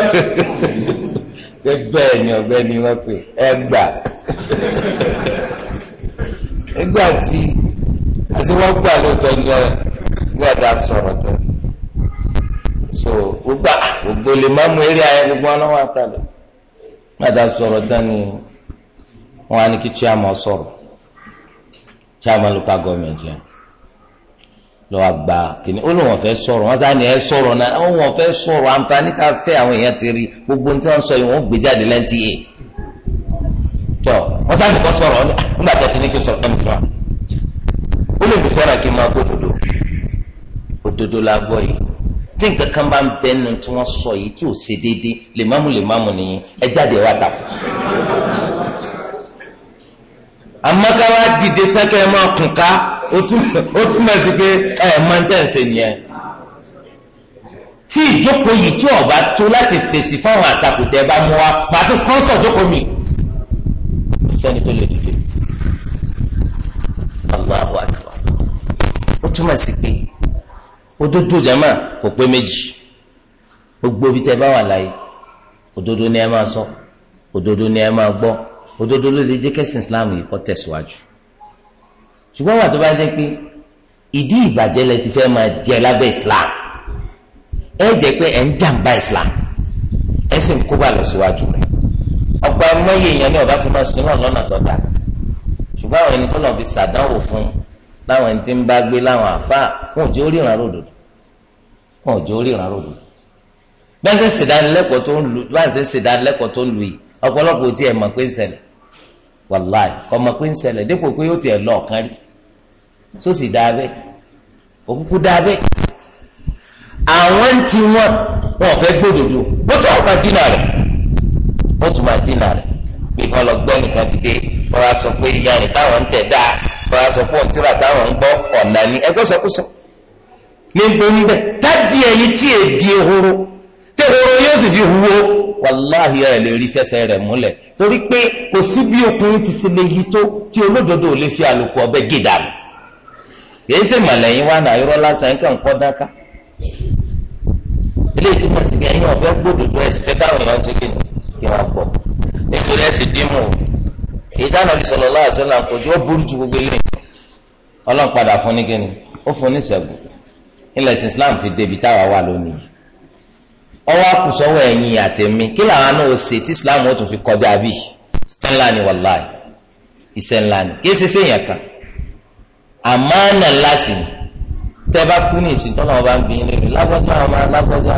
bẹ́ẹ̀ ni ọ̀gbẹ́ ni wọ́n pè ẹ gbà nígbà tí àṣewọ́n gbà lóòótọ́ ní ọ nígbà tá a sọ̀rọ̀ tán so gbogbo àgbogbo lè má mú eré ayé gbogbo ọlọ́wọ́ àtàlẹ́. mẹ́ta sọ̀rọ̀ tán ni á ní kí chairman sọ̀rọ̀ chairman local government yẹn lọ àgbà kìnnì ó lóun ọ̀fẹ́ sọ̀rọ̀ wọ́n sáà ní ẹ sọ̀rọ̀ náà ó wọn ọ̀fẹ́ sọ̀rọ̀ àǹfààní a gbogbo ní tí wọ́n sọ yìí wọ́n gbé jáde lẹ́ńtì yìí tọ́ sọ̀rọ̀ nígbà tí a ti ní kí sọ̀rọ̀ kẹ́mi kíra ó lè kí n máa la gbọ́ yìí tí nǹkan kan bá ń bẹ nínú tí wọ́n sọ yìí tí ò ṣe déédéé lèmámù lèmámù nìyí ẹ jáde wá ta. àmọ́káwá dìde tẹ́kẹ́ ẹ máa kùn ká ó túmọ̀ sí pé ẹ máa ń tẹ̀sẹ̀ nìyẹn. tí ìjókòó yìí tí ọba tó láti fèsì fáwọn àtakùtẹ̀ bá mú wa pàtó sponsor jókòó mi. sẹ́ni tó lè dìde. Allahu akbar. ó túmọ̀ sí pé. òdodo jama kò pé méjì gbogbo bí tẹ bá wà láyé òdodo ni ẹ máa sọ òdodo ni ẹ máa gbọ òdodo ló lè islam yìí kó tẹ̀síwájú ṣùgbọ́n wà tó bá jẹ́ pé ìdí ìbàjẹ́ lẹ ti fẹ́ máa jẹ lábẹ́ islam ẹ jẹ́ pé ẹ ń jàǹbá islam ẹ sì ń kóbá lọ síwájú rẹ ọgbà mọ́yé èèyàn ní ọba tó máa sin náà tó dáa ṣùgbọ́n àwọn ẹni tó láwọn ẹni tí ń bá gbé láwọn wọn ò ròdòdò wọn ò ròdòdò bẹ́ẹ̀ tó ń lu tó ń lu yìí ọ̀pọ̀lọpọ̀ tí mọ̀ pé ń wàláì pé ń dípò pé yóò tiẹ̀ lọ ọ̀kan rí òkúkú àwọn ń ti wọn wọn fẹ́ gbódòdó wọ́n tún ọ̀pá dínà rẹ̀ wọ́n tún máa kọ́ra sọ pé yanni táwọn ń tẹ̀ dáa kọ́ra sọ pé òtítà táwọn ń gbọ́ ọ̀nà ni ẹgbẹ́ sọkúsọ níbo ń bẹ tádìí ẹ̀yìn tí èdè ehoro tẹ́horo yóò sì fi huwo wàláhì ẹ̀ lè rí fẹsẹ̀ rẹ̀ múlẹ̀ torí pé kò sí bí ọkùnrin ti ṣe lè yí tó tí olódodo ò lè fi àlòkù ọbẹ̀ gé dànù kìí ṣe mọ̀lẹ́yìn wa náà irọ́ lásán yín kàn kọ́ dáká ilé ìtumọ̀ sí kí ẹ̀yin ọ̀fẹ́ gbódòdó ẹ̀sìn fẹ́ káwọn èèyàn ṣe kí wọ́n pọ̀ nítorí ẹ̀sìn dímù èyí tí anabi sallallahu alaihi wasallam kò tí ó burú ju gbogbo ilé ọlọ́run padà fún ní ó fún ní ilẹ̀ islam fi débi táwa wà lónìí ọwọ́ àkùsọ́wọ́ ẹ̀yìn àtẹ̀mí kí làwọn náà ṣe tí islam ó tún fi kọjá bí iṣẹ́ ńlá ni wàláì iṣẹ́ ńlá ni kí ṣe ṣèyàn kan àmánà ńlá sì ni tẹ́ bá kú ní ìsìn tọ́lá ọba ń bí yín lórí ọmọ lágbájá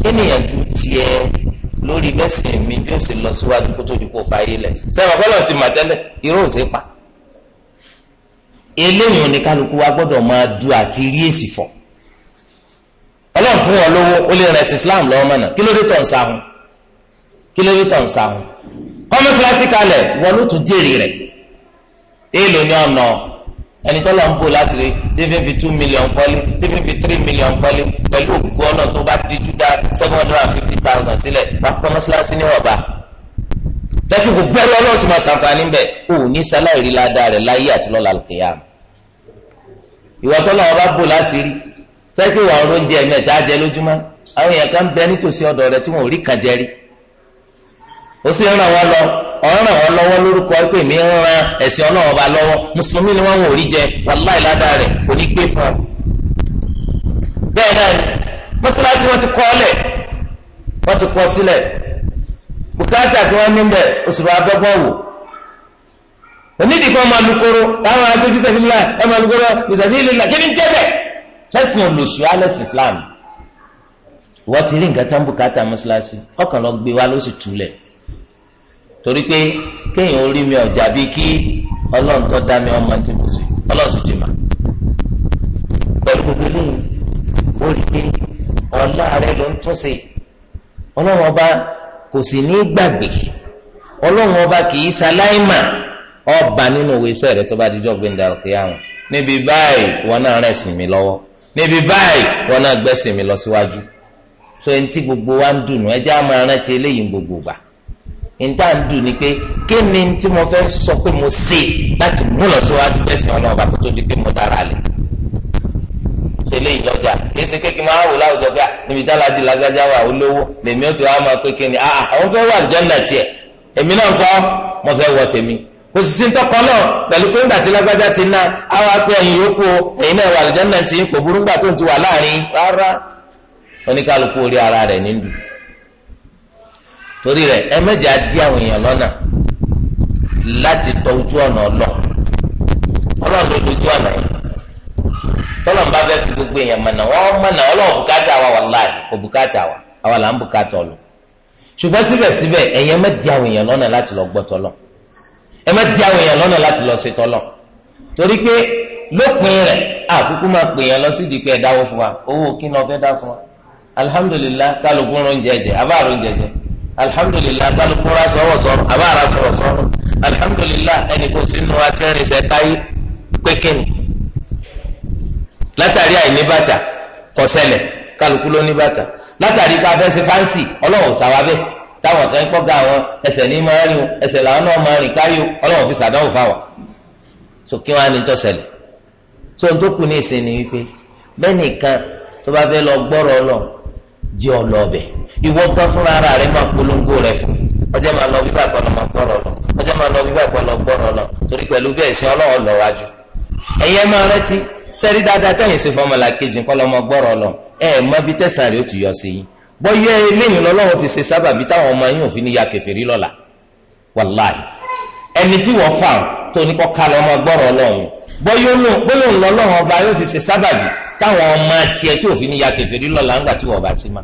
kí nìyẹn ju tiẹ̀ lórí bẹ́sìn mi bí ó sì lọ síwájú kó tó di kó fa ayé lẹ̀ ti mà tẹ́lẹ̀ irú ò sí pa eléyìí ni kálukú wa gbọ́dọ̀ máa du àti rí èsì fọ̀ ọlọ́run fún wọn lówó ó lè rẹ̀sìn Islam lọ́wọ́ mọ́nà kí ló dé tọ̀ ń sáhùn kí ló dé tọ̀ ń sáhùn kọ́mọ́síláṣí kalẹ̀ wọn ló tún jèrè rẹ̀ èèlò ni ọ̀nà ẹni tó lọ ń bò láṣìírí tí fífi two million kọ́lé tí fífi three million kọ́lé pẹ̀lú òkú ọ̀nà tó bá díjú dá seven hundred and fifty thousand sílẹ̀ pápá mọ́ṣáláṣí ní ọ̀bà tẹ́kí gbogbo ẹ̀rọ ọlọ́run sì máa ṣàǹfààní bẹ̀ ò ní sáláìrí ládàá rẹ̀ láyé àti lọ́la kìíyà ìwọ tó lọ́wọ́ bá bò láṣìírí tẹ́kí wà oúnjẹ mẹ́ta jẹ lójúmọ́ àwọn èèyàn kan bẹ nítòsí ọ̀dọ̀ rẹ̀ tí wọn ò rí kan jẹ ó sì ń ràn wọ́n lọ ọ̀ràn ràn wọ́n lọ́wọ́ lórúkọ pé mi ń ran ẹ̀sìn lọ́wọ́ mùsùlùmí ni wọ́n ń wòrí jẹ wàláì ládàá rẹ̀ kò ní gbé fún ọ. bẹ́ẹ̀ náà ni ti kọ́ ọ́lẹ̀ wọ́n ti kọ́ sílẹ̀ bùkátà tí wọ́n ní bẹ̀ oṣù wò onídìí kan máa lukoro táwọn ti torí pé kéèyàn orí mi ọjà bíi kí ọlọ́run tó dá mi ọmọ tí mo sì ọlọ́run sì ti mà pẹ̀lú gbogbo inú ó rí pé ọlá rẹ ló ń túnṣe ọlọ́run ọba kò sì ní gbàgbé ọlọ́run ọba kì í ṣaláìmà ọba nínú òwe iṣẹ́ rẹ tó bá dijọ́ gbẹ̀ndà òkè àwọn níbi báyìí wọn lọ síwájú so gbogbo wa ń àmọ́ eléyìí Nta ń dùn ni pé kí ni tí mo fẹ sọ pé mo ṣe láti mú lọ síwájú bẹ́sẹ̀ ọ̀nà ọba tó di pé mo dára lẹ̀ tẹ́lẹ̀ ṣe kékeré máa wò láwùjọ pé níbi tá láti lágbájá wà olówó lèmi ó ti wá máa pé kí ni àwọn fẹ́ wà jẹ́nà tiẹ̀ èmi náà kọ́ mo fẹ́ wọ tèmi kò sì sí náà pẹ̀lú pé ńgbà tí lágbájá ti ná àwọn náà wà torí rẹ ẹ mẹ́jẹ̀ á àwọn èèyàn lọ́nà láti tọ ojú ọ̀nà ló dojú ọ̀nà yìí bá fẹ́ gbogbo èèyàn mọ̀nà wa wàláì wa àwa là ń ṣùgbọ́n síbẹ̀síbẹ̀ àwọn èèyàn lọ́nà láti lọ gbọ́ ẹ di àwọn èèyàn lọ́nà láti lọ ṣe tọ́lọ̀ torí pé lópin àkúkú máa pè yàn lọ sí ìdí pé ẹ dáwọ́ fún wa owó kí ni alhamdulilayi agbálùkúra sọ̀wọ̀ sọ̀rọ̀ àbára sọ̀wọ̀ sọ̀rọ̀ alhamdulilayi ẹni kò sínú wa ti rìn sẹ́ káyé pékinì látàrí àìní bàtà kọsẹ̀lẹ̀ kálukú ló ní bàtà látàrí bá fẹ́ ṣe fáǹsì ọlọ́wọ̀ sàwábẹ̀ táwọn kan kọ́ ga àwọn ẹsẹ̀ ní máa rìn o ẹsẹ̀ làwọn náà máa rìn káyé o ọlọ́wọ̀ fi sàdánwò fáwọn so kí wọ́n á ní tọ́sẹ̀lẹ̀ so n tó kù ní ìsìn ni wípé bẹ́ẹ̀ nìkan tó bá fẹ́ lọ gbọ́rọ̀ ọlọ́run jẹ́ ọlọ́ọ̀bẹ̀ ìwọ tán fúnra ara rẹ máa polongo rẹ fún ọjọ́ máa lọ bíbá ìpọ́n lọ́mọ gbọ́rọ̀ lọ ọjọ́ máa lọ bíbá ìpọ́n lọ gbọ́rọ̀ lọ torí pẹ̀lú bẹ́ẹ̀ sí ọlọ́wọ́ lọ wájú ẹ̀yẹ máa rántí sẹ́rí dáadáa tẹ̀yìn sí fọmọlá kejì ńkọ́ lọ́mọ gbọ́rọ̀ lọ ẹ̀ mọ bí tẹ̀sán rẹ ó ti yọ sí yín bọ́yẹ eléyìn lọ́lọ́wọ́ fi ṣe sábàbí táwọn ọmọ yín ò fi ní ya kẹfìrí lọ́la wàláì ẹni tí wọ́n fà tó ní kọ́ ká lọ́mọ gbọ́rọ̀ ọlọ́run gbólóhùn lọ́lọ́run ọba yóò fi ṣe sábàbí táwọn ọmọ tiẹ̀ tí òfin ya kẹfẹ́rí lọ́la ńgbà tí wọ́n bá sí ma.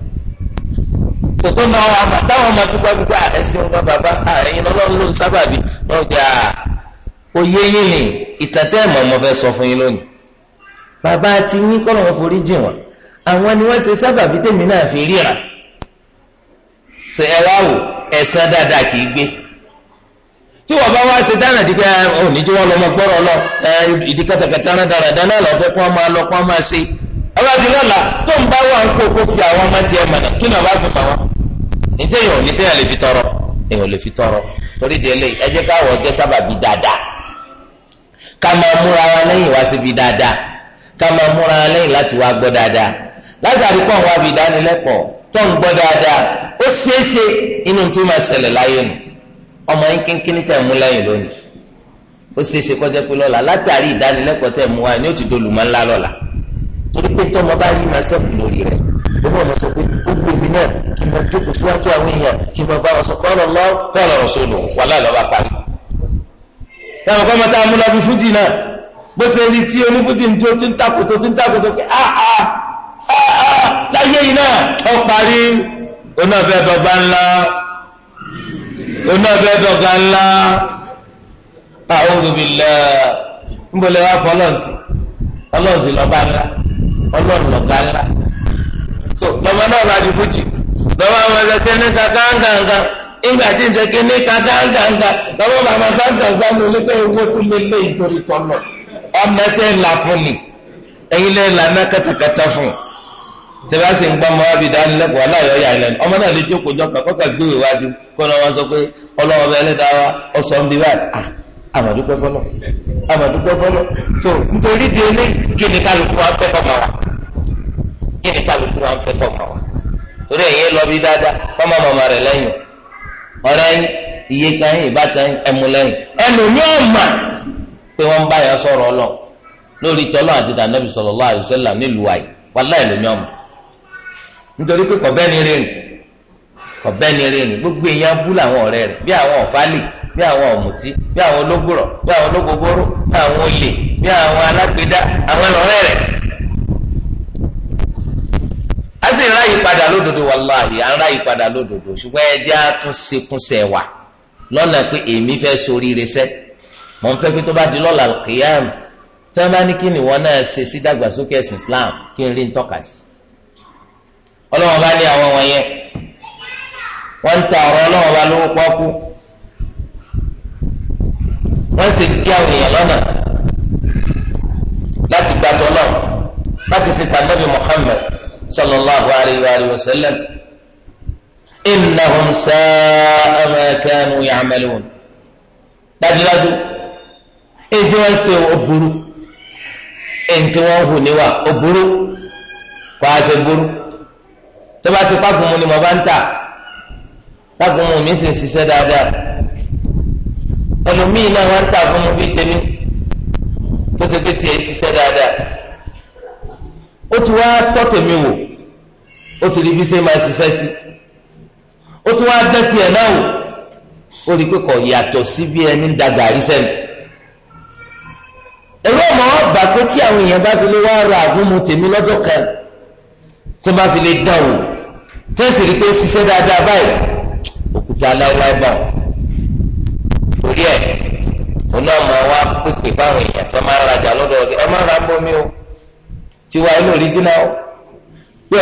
tòótọ́ náà wà mà táwọn ọmọ dúpẹ́ gbogbo ẹ̀sìn ọgbà bàbá ẹ̀yin lọ́lọ́run ló ń sábàbí wọ́n gbé a kò yé yín ni ìtàtẹ́ ẹ̀mọ́ ọmọ fẹ́ sọ fún yín lónìí. bàbá ti yín kọ́lọ̀ wọn forí jìn wọn àwọn ni wọ́n ṣe sábàbí tèmi náà fi ríra tí wọ́n bá wá ṣe dáná di pé ọ níjú wọn lọ mọ gbọ́rọ̀ lọ ìdí kẹtẹkẹtẹ náà dára dáná lọ fẹ́ kó wọn máa lọ kó wọn máa ṣe abájú lọ́la tó ń bá wà ń kó kó fi àwọn ọmọ tiẹ̀ mọ̀nà kí náà bá fi mọ̀ wọn. ǹjẹ́ èèyàn ò ní sẹ́yìn lè fi tọrọ èèyàn lè fi tọrọ torí di eléyìí ẹ jẹ́ káwọ̀ jẹ́ sábàbí dáadáa ká máa múra wa lẹ́yìn wá síbi dáadáa ká máa múra wa lẹ́yìn ọmọ yín kínkínní tẹ̀ mú lẹ́yìn lónìí ó ṣeé ṣe kọjá pé lọ́la látàrí ìdánilẹ́kọ̀ọ́ tẹ̀ mú wa ni ó ti dolùmọ̀ ńlá lọ́la torí pé tọ́mọ bá yí máa sẹ́kù lórí rẹ̀ gbogbo ọmọ sọ pé ó gbé mi náà kí n máa jókòó síwájú àwọn èèyàn kí n máa bá wọn sọ kọ́ lọ́lọ́ kọ́ lọ́rọ̀ sólò wà láì lọ́ba parí. táwọn kọ́ máa tá a mú lọ́bí fújì náà bó ṣe rí tí onífújì ń tó ti ń takòtò ti ń takòtò pé áá áá láyé yìí náà ó parí onáfẹ́ dọ́gba ńlá oní ọbẹ̀ dọ̀gá ńlá a'udhu billah ńbọ̀lẹ̀ wá fọlọ́ọ̀sì ọlọ́ọ̀sì lọ́ba ńlá ọlọ́ọ̀n la. ńlá so lọ́ba náà bá di fújì lọ́ba àwọn ẹ̀sẹ̀ kíní kàkàǹkàǹkà ìgbà tí ń ṣe kíní kàkàǹkàǹkà lọ́ba bàbá kàǹkàǹkà ló lé pé owó tún lé lé ìtorí tọ́lọ̀ ọmọ tẹ́ fún ni ẹ̀yin lẹ́ fún tẹ́lẹ̀sì ń gbọ́ ọmọ wa bí dánilẹ́kọ̀ọ́ aláyọ̀ yà lẹ́nu ọmọ náà lè jókòó jọ kàkọ́ kà gbé ìwádìí kó náà wọ́n sọ pé ọlọ́wọ́ bẹ ẹlẹ́dàá wa ọ̀sọ̀ ń bí báyìí àmàdúgbò fọlọ́ àmàdúgbò fọlọ so nítorí di kí ni kálukú wa ń fẹ́ fọmọ wa kí ni kálukú wa ń fẹ́ fọmọ wa torí lọ bí dáadáa rẹ̀ nítorí pé kọ̀bẹ́ ni rìn kọ̀bẹ́ ni gbogbo èèyàn bú làwọn ọ̀rẹ́ rẹ̀ bí àwọn ọ̀fálì bí àwọn ọ̀mùtí bí àwọn ológbòrò bí àwọn ológogoro bí àwọn olè bí àwọn alágbèdá àwọn ọ̀rẹ́ rẹ̀ a sì ń ráyè padà lódodo wàláhì à ń ráyè padà lódodo ṣùgbọ́n ẹ jẹ́ àtúnṣekúnṣẹ̀ wà lọ́nà pé èmi fẹ́ soríire sẹ́ mọ̀ ń fẹ́ pé tó bá di lọ́la kìíyàm tí wọ́n bá ní kí n ọlọ́wọ́n bá ní àwọn wọ̀nyẹn wọ́n ń ta ọ̀rọ̀ ọlọ́wọ́n bá lówó pọ́kú wọ́n sì dí àwọn èèyàn lọ́nà láti gbàtọ́ náà láti ṣe tàbí Muhammad sallallahu alayhi wa sallam innahum sa'a ma kanu ya'malun dájúdájú èyí tí ṣe ó burú èyí tí hù níwà ó burú kó a ṣe burú tó bá ṣe pàgùnmu ni mo bá ń tà pàgùnmu mi sì ń ṣiṣẹ́ dáadáa ẹlòmíì náà wọ́n ń tà fún mi bíi tèmi tó ṣe pé tiẹ̀ ṣiṣẹ́ dáadáa ó ti wá tọ́ tèmi wò ó ti rí bí ṣe máa ṣiṣẹ́ sí ó ti wá dán tiẹ̀ náà wò ó rí pé yàtọ̀ sí bí ẹni ń da gàrí sẹ́nu ẹ̀rọ ọmọ ọba pé tí àwọn èèyàn bá fi lè wá ra àgúnmu tèmi lọ́jọ́ kan tó bá fi lè dán wò tẹ́sí rí pé ṣiṣẹ́ dáadáa báyìí òkúta aláwọ̀ bọ̀ torí ẹ̀ òun náà máa pèpè fáwọn èèyàn tí wọ́n máa ń rajà lọ́dọ̀ ọ̀gẹ́ ẹ máa ń ra bomi o tiwa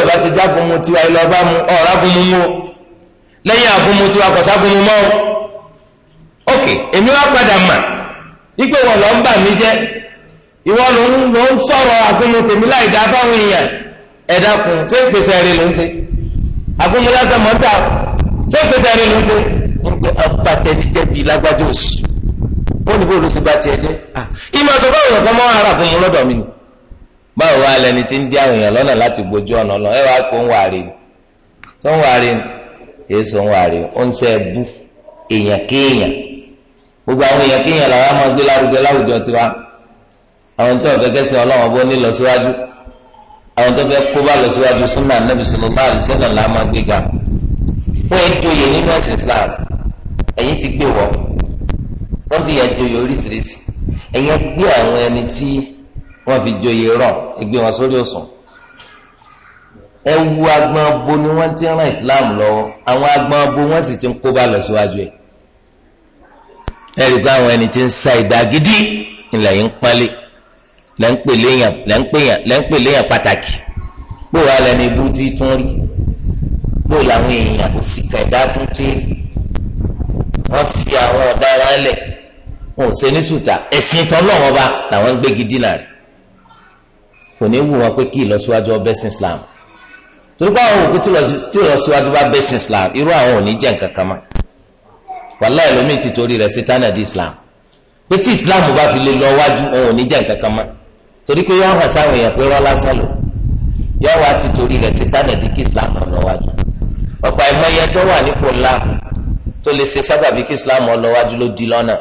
ọba ti jágun mu tiwa ilé ọba mu ọ̀rá mu ok èmi wá padà mà ipe wọn lọ ń bà mí ìwọ ló ń sọ̀rọ̀ tèmi láì dá agúnmílásẹ mọ́tà ṣé ìpèsè rẹ ló ń ṣe ń pe ọba tẹ̀lẹ́jẹ̀bi lágbájá òsì ó ní bóòlù sí bá tiẹ̀ jẹ́ ah, ìmọ̀ sọ báwo yẹn kọ́ mọ́ ara fún un lọ́dọ̀ mi nì báwo wá lẹni tí ń dí àwọn èèyàn lọ́nà láti gbójú ọ̀nà lọ ẹ wàá kó ń wà rí sọ ń wà rí èyí èèyàn kéèyàn gbogbo àwọn èèyàn kéèyàn làwọn máa gbé tiwa àwọn tí wọn fẹ́ kẹ́sìn Ọlọ́run bó nílọsíwájú àwọn tó fẹ́ kó bá lọ síwájú súnmọ́ anábì sọlọ́lá àdìsẹ́lẹ̀ là máa gbé ga wọ́n ń joyè nínú ẹ̀sìn Islam ẹ̀yin ti gbé wọ́ wọ́n fi àjọyè oríṣiríṣi ẹ̀yin gbé àwọn ẹni tí wọ́n fi joyè rọ̀ ẹgbẹ́ wọn sórí òsùn ẹ wu agbọn abo ni wọ́n ti ràn Islam lọ́wọ́ àwọn agbọn abo wọ́n sì ti ń kó bá lọ síwájú ẹ̀ ẹ̀ rí i pé àwọn ẹni tí ń sa ìdá gidi ilẹ̀ yìí ń pálí. lẹ́ ń pè léyàn lẹ́ ń pè yàn lẹ́ ń pè léyàn pàtàkì bó wàá lẹ́nu ibú tí tún rí bó làwọn èèyàn kò sì tún rí wọ́n fi àwọn ọ̀daràn lẹ̀ wọn ò ṣe ní sùtà ẹ̀sìn tán lọ́wọ́ bá làwọn ń gbégi dínà rẹ̀ kò ní wù wọn pé kí ìlọsíwájú Islam torí pé àwọn òkú tí ìlọsíwájú bá bẹ̀ Islam irú àwọn ò ní jẹ́ nǹkan ti torí rẹ̀ ṣe di Islam pé tí Islam bá lọ wájú ò ní torí pé yọ hàn sáwọn èèyàn pé wọn lásán lò yọ wá ti torí rẹ̀ sí tánàdì kí islam ọlọ́wájú ọ̀pọ̀ ẹ̀mọ́yẹ tó wà nípò ńlá tó lè ṣe sábàbí kí islam ọlọ́wájú ló di lọ́nà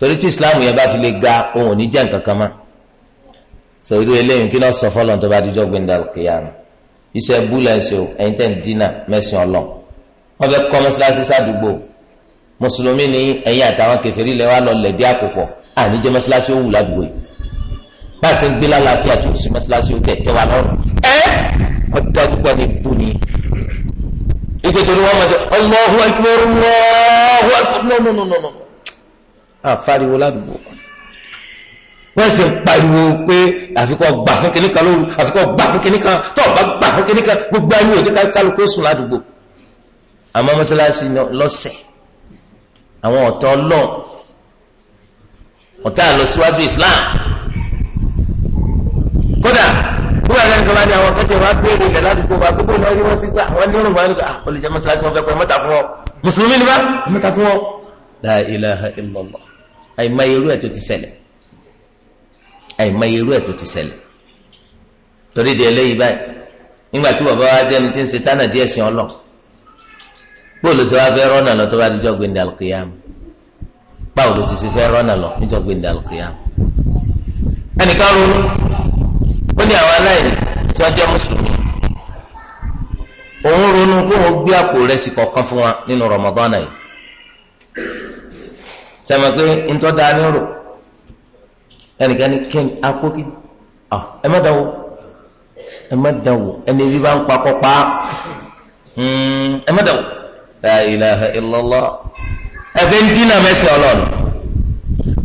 torí tí islam yẹn bá fi lè ga ohun ò ní jẹ́ nǹkan kan mọ́ sọ irú eléyìí kí lọ́ọ́ sọ fọlọ́n tó bá dijọ́ gbẹ̀ndà kìyàmù iṣẹ́ búlẹ̀ ṣe o tẹ̀ ń dínà mẹ́sìn ọlọ́ wọn fẹ́ kọ́ mọ́ṣáláṣí sádùúgbò mùsùlùmí ni ẹ̀yin àtàwọn kèfèrí lẹ́wà lọ lẹ̀dí àpòpọ̀ àníjẹ́ mọ́ṣáláṣí ó wù ládùúgbò yìí bá a ṣe ń gbé lálàáfíà tó sí mọ́ṣáláṣí ó tẹ̀ tẹ́ wa lọ́rùn ẹ́ ọ̀dájú pọ̀ ní bù ni. ìpè torí wọn mọ̀ sí Allahu akbar Allahu akbar nọ́nọ́nọ́nọ́ àfariwo ládùúgbò wọ́n sì ń pariwo pé àfikọ́ gbà fún kìnnìkan lóru àfikọ́ gbà fún kìnnìkan tó bá gbà fún kìnnìkan gbogbo ayé òjò kálukú sùn ládùúgbò àmọ́ mọ́ṣáláṣí lọ́sẹ̀ àwọn ọ̀tọ̀ ọlọ́ọ̀ ọ̀tá àlọ́síwájú Islam wọ́n ti wá béèrè ilẹ̀ ládùúgbò wa gbogbo náà rí wọ́n sí gbà wọ́n ní òrùn wọn ní ah, olùjẹ́ mọ́sálásí wọn fẹ́ pẹ́ mọ́ta fún ọ mùsùlùmí ni bá mọ́ta fún ọ. la ilaha illallah ẹ̀ tó ti ṣẹlẹ̀ àìmọye ẹ̀ tó ti ṣẹlẹ̀ torí di eléyìí báyìí nígbà tí bàbá wa jẹ́ni tí ń ṣe tánà díẹ̀ sí ọlọ́ bóòlù sí wa fẹ́ rọ́nà lọ tó bá dijọ́ gbẹ̀ndẹ̀ alùkìyàm tí wọ́n jẹ́ mùsùlùmí òun ronú kó òun gbé àpò ìrẹsì kọ̀ọ̀kan fún wa nínú Ramadan yìí sẹ́mi pé ntọ́ da ni ẹnìkan ní kí akókí ẹ má dánwò ẹ má dánwò ẹni bí hmm, ilaha ẹbí ń dínà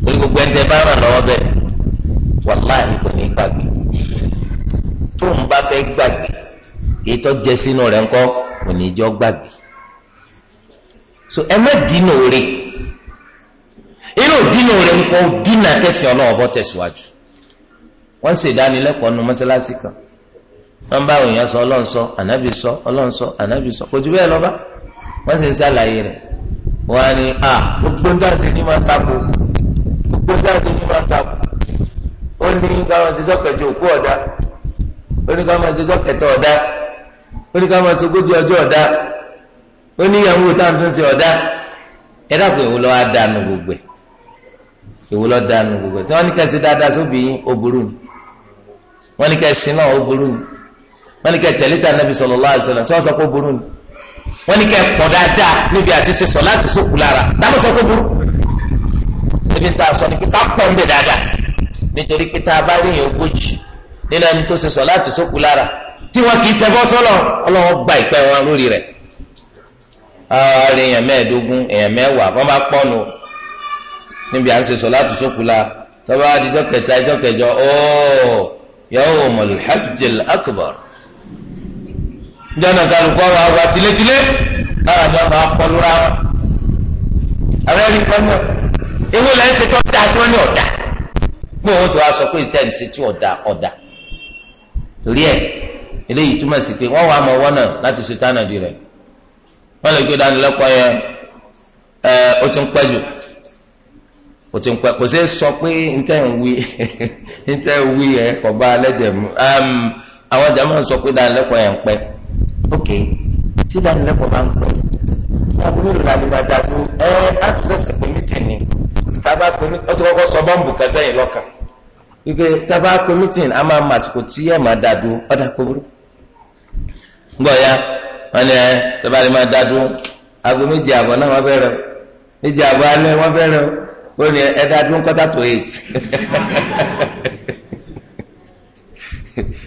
orí gbogbo tóun bá fẹ́ gbàgbé èyí tó rẹ̀ ńkọ́ kò gbàgbé so ẹ má dínà òre inú dínà òre ńkọ́ dínà kẹsì ọlọ́wọ́ bọ́ tẹ̀síwájú wọ́n sì dánilẹ́kọ̀ọ́ nu mọ́sálásí kan wọ́n bá òyìn sọ ọlọ́run sọ ànábì sọ ọlọ́run sọ ànábì sọ kò jù bẹ́ẹ̀ lọ bá wọ́n sì ń ṣàlàyé rẹ̀ wọ́n á ní à gbogbo dáàsì ní máa tako gbogbo dáàsì ní máa tako ó ní káwọn ṣe dọ́kẹ̀jọ òkú ọ̀dà oníkà máa ṣe jọ́kẹ̀tọ̀ ọ̀dá oníkà máa ṣe ogójì ọjọ́ ọ̀dá oníyàwó táǹtún ṣe ọ̀dá ẹ dàpọ̀ èwo lọ́wọ́ dànù gbogbo ẹ̀ èwo lọ́ọ́ dànù gbogbo ẹ̀ sọ wọn ní kẹ́sì dáadáa sóbì yín ó burú ni wọn ní kẹ́sì náà ó burú ni wọn ní kẹ́ tẹ̀lé tà nàbì sallallahu alaihi wasallam sọ sọ pé burú ni wọn ní kẹ́ pọ̀ dáadáa níbi àti ṣe sọ láti sókù lára táwọn sọ pé burú níbi tá sọ ni pé pọ̀ ń bẹ̀ dáadáa nítorí pé bá rí yẹn ogójì nínú ẹni tó ṣe sọ láti sókù lára tí wọn kì í ṣẹbọ sọlọ Ọlọ́run gba ìpẹ́ wọn lórí rẹ̀ ààrẹ èèyàn mẹ́ẹ̀ẹ́dógún èèyàn mẹ́wàá wọn bá pọnù níbi à ń ṣe sọ láti sókù la tọba adijọ kẹta ẹjọ kẹjọ ooo yawmul hajjil akbar jọna kálukọ wa wa tilétilé náà ni wọn bá pọnù ra wọn abẹ́rẹ́ pọnù ewu lẹ́sẹ̀ tó dáa tí wọ́n ní ọ̀dà gbọ́n wọn sọ wá sọ pé ìtẹ́ǹsì torí ẹ eléyìí túmọ̀ sí pé wọ́n wà á mọ ọwọ́ náà láti ṣe tánàdì rẹ̀ wọ́n lè gbé dánilẹ́kọ̀ọ́ yẹn ẹ ó ti ń pẹ́ jù nwi ti ń pẹ́ kò sí sọ pé ntẹ́ ń wí ntẹ́ ń wí ẹ kò bá lẹ́jẹ̀ mu àwọn sọ pé dánilẹ́kọ̀ọ́ yẹn ń ok tí dánilẹ́kọ̀ọ́ bá ń pẹ́ ẹ á tún wípé tábà pé mítìn a máa ẹ ma dá dúró ọ̀dà kúburú. ńgbọ̀ ya wọn ẹ tábà lè máa dá dúró aago méje àbọ̀ náà wọ́n bẹ̀rẹ̀ o méje àbọ̀ alẹ́ wọ́n o ní ẹ dá dúró kọ́tà tó eight.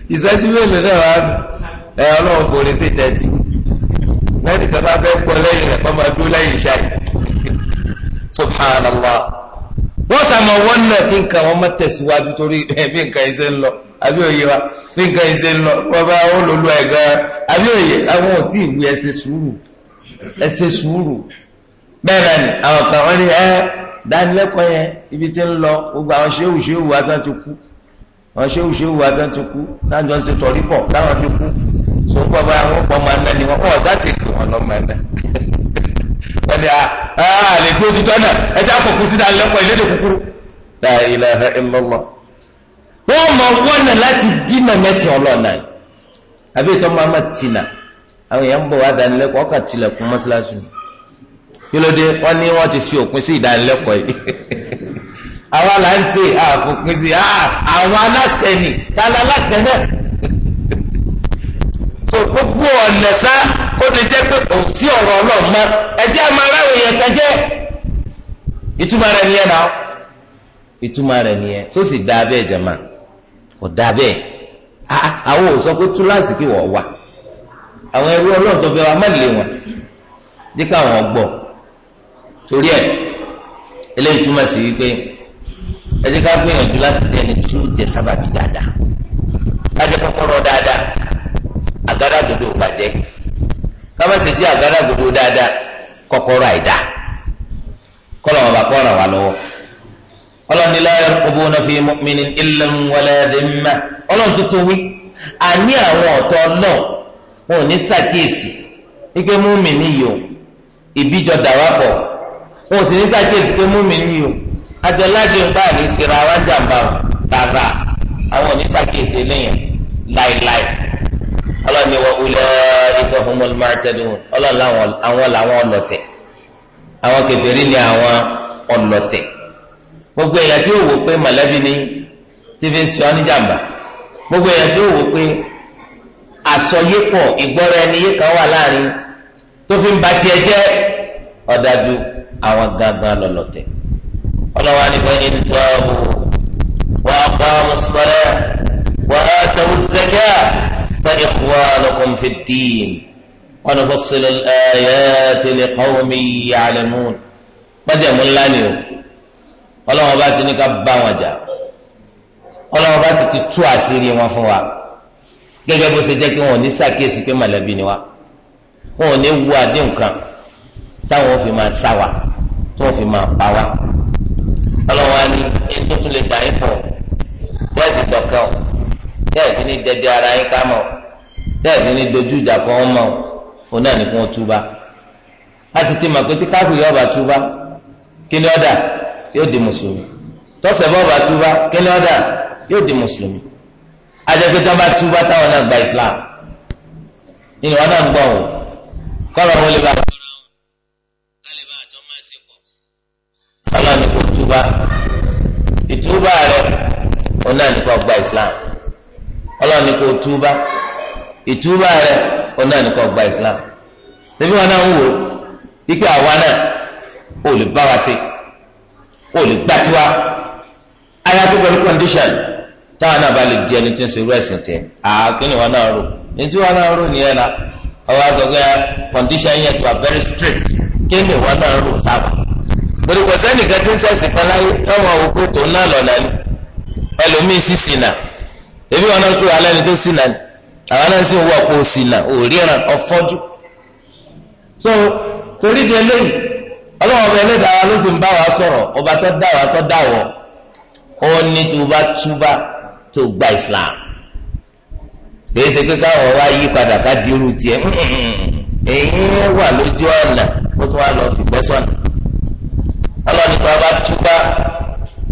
mélòó náà wà ẹ sí subhanallah. wọ́n sàmọ̀ wọ́n nà kí nǹkan wọn má tẹ̀síwájú torí eh, bí nǹkan ẹsẹ̀ ń lọ àbí òye wa bí nǹkan ẹsẹ̀ ń lọ wọ́n bá wọn lòlú ẹ̀ gan àbí òye àwọn ò tí ì wí ẹ ṣe sùúrù ẹ ṣe sùúrù bẹ́ẹ̀ náà ni àwọn kan wọ́n ní ẹ eh, dánilẹ́kọ̀ọ́ yẹn ibi tí ń lọ gbogbo àwọn ṣéwù ṣéwù atán ti kú àwọn ṣéwù ṣéwù atán ti kú lájọ ṣe tọ̀rí pọ̀ táwọn fi kú sọ ẹni à lè tó tutọ́ náà ẹjẹ́ àkọ́kọ́ sí ìdánilẹ́kọ̀ọ́ ìlédè kúkúrú la ilaha illallah wọ́n mọ wọ́nà láti dínà mẹ́sìn ọlọ́ọ̀nà àbí ìtọ́ ma tìlà àwọn èèyàn ń bọ̀ wá ìdánilẹ́kọ̀ọ́ ọkà tilẹ̀kùn mọ́ṣáláṣí kí ló dé ní ti fi òpin sí yìí so gbogbo ọ̀nà sá kó lè jẹ́ pé kò sí ọ̀rọ̀ ọlọ́run mọ́ ẹjẹ́ máa ráwọ̀ yẹn kan jẹ́ ìtumọ̀ rẹ̀ nìyẹn náà ìtumọ̀ rẹ̀ nìyẹn tó sì dáa bẹ́ẹ̀ jẹ̀mà kò dáa bẹ́ẹ̀ àwọn ò sọ pé túláàsì kí wọ́n wà àwọn ẹrú ọlọ́run tó fẹ́ wa má lè torí ẹ̀ ẹ ká gbìyànjú láti jẹ sábàbí àgádágodo bàjẹ́ kábàsì jẹ́ àgádágodo dáadáa kọ́kọ́rọ́ àìdá kọ́lọ̀ wọn bá kọ́ra wà lọ́wọ́ ọlọ́ni láyé kọ́bó náà fi mọ́mìnì ilẹ̀ ń wọlé ẹ̀dẹ̀ mọ́ ọlọ́run tuntun wí àní àwọn ọ̀tọ̀ náà wọn ò ní sàkíyèsí wípé mọ́mìnì yìí o ìbíjọ dàwà pọ̀ wọn ò sì ní sàkíyèsí pé mọ́mìnì o àjọlájì ń bá àlè ṣe ra wájà ń bá rárá àwọn ò ní ọlọ́ni wa ulaika humul mu'tadun ọlọ́ni àwọn làwọn ọlọ́tẹ̀ àwọn kèfèrí ni àwọn ọlọ́tẹ̀ gbogbo èèyàn tí ó wò pé mọ̀lẹ́bí ni tí fi ń sọ níjàmbá gbogbo èèyàn tí ó wò pé àsọyépọ̀ ìgbọ́ra ẹni yé kan wà láàrin tó fi ń ba tiẹ̀ jẹ́ ọ̀dájú àwọn gangan lọ́lọ́tẹ̀ ọlọ́wà ní bẹ́ẹ̀ فإخوانكم في الدين ونفصل الآيات لقوم يعلمون مجا ملانيو ọlọ́wọ́n bá ti ní ká bá wọn jà ọlọ́wọ́n bá sì ti tú àṣírí wọn fún wa gẹ́gẹ́ bó ṣe jẹ́ kí wọn ò ní ṣàkíyèsí pé mọ̀lẹ́bí ni wa wọn ò ní wo àdéhùn kan táwọn fi máa sá wa tí fi máa pa wa ọlọ́wọ́n á ní ẹni tó tún lè gbà yín pọ̀ bọ́ọ̀dì dọ̀kan tẹ́ẹ̀fì ní dẹdẹ ara yín ká mọ̀ tẹ́ẹ̀fì ní dojú ìjà kan ó mọ̀ ó náà ní kí túbá a sì ti mọ̀ pé tí ọba túbá kí ni ọ̀dà yóò di mùsùlùmí tọ́sẹ̀ ọba túbá kí ni ọ̀dà yóò di mùsùlùmí ajẹ́pẹ́ tí wọ́n bá túbá táwọn náà gba Islam nínú wọn náà ń wọn lè bá ọlọ́run kò túbá rẹ̀ ọ Islam. ọlọ́run ni kò túbá ìtúbá rẹ ọ̀nà islam ṣebí wọn náà ń wò wípé àwa náà ò lè bá wa ṣe ò lè gbá tiwa ayájú pẹ̀lú condition táwọn náà bá lè di ẹni tí ń ṣe irú ẹ̀sìn tiẹ̀ wọn náà rò ní tí wọn náà rò ní ọwọ́ ah, condition yẹn ti wà very strict kí ni wọn náà rò sábà ti ń kan láyé táwọn òkú tó ebi wọn náà pé alẹ́ ni tó sì náà àwọn náà sì ń wọ ọ̀pọ̀ òsì òríran ọ̀fọ́jú so torí di eléyìí ọlọ́wọ́ ọba ẹlẹ́dàá ló sì ń bá wa sọ̀rọ̀ ọba tó dá wa tó dá wọ̀ ó ní tó bá tó gba Islam kìí ṣe pé káwọn wá yí padà ká dirú tiẹ̀ èyí wà lójú ọ̀nà kó tó wá lọ fìgbẹ́ sọ̀nà ọlọ́ni tó bá túbà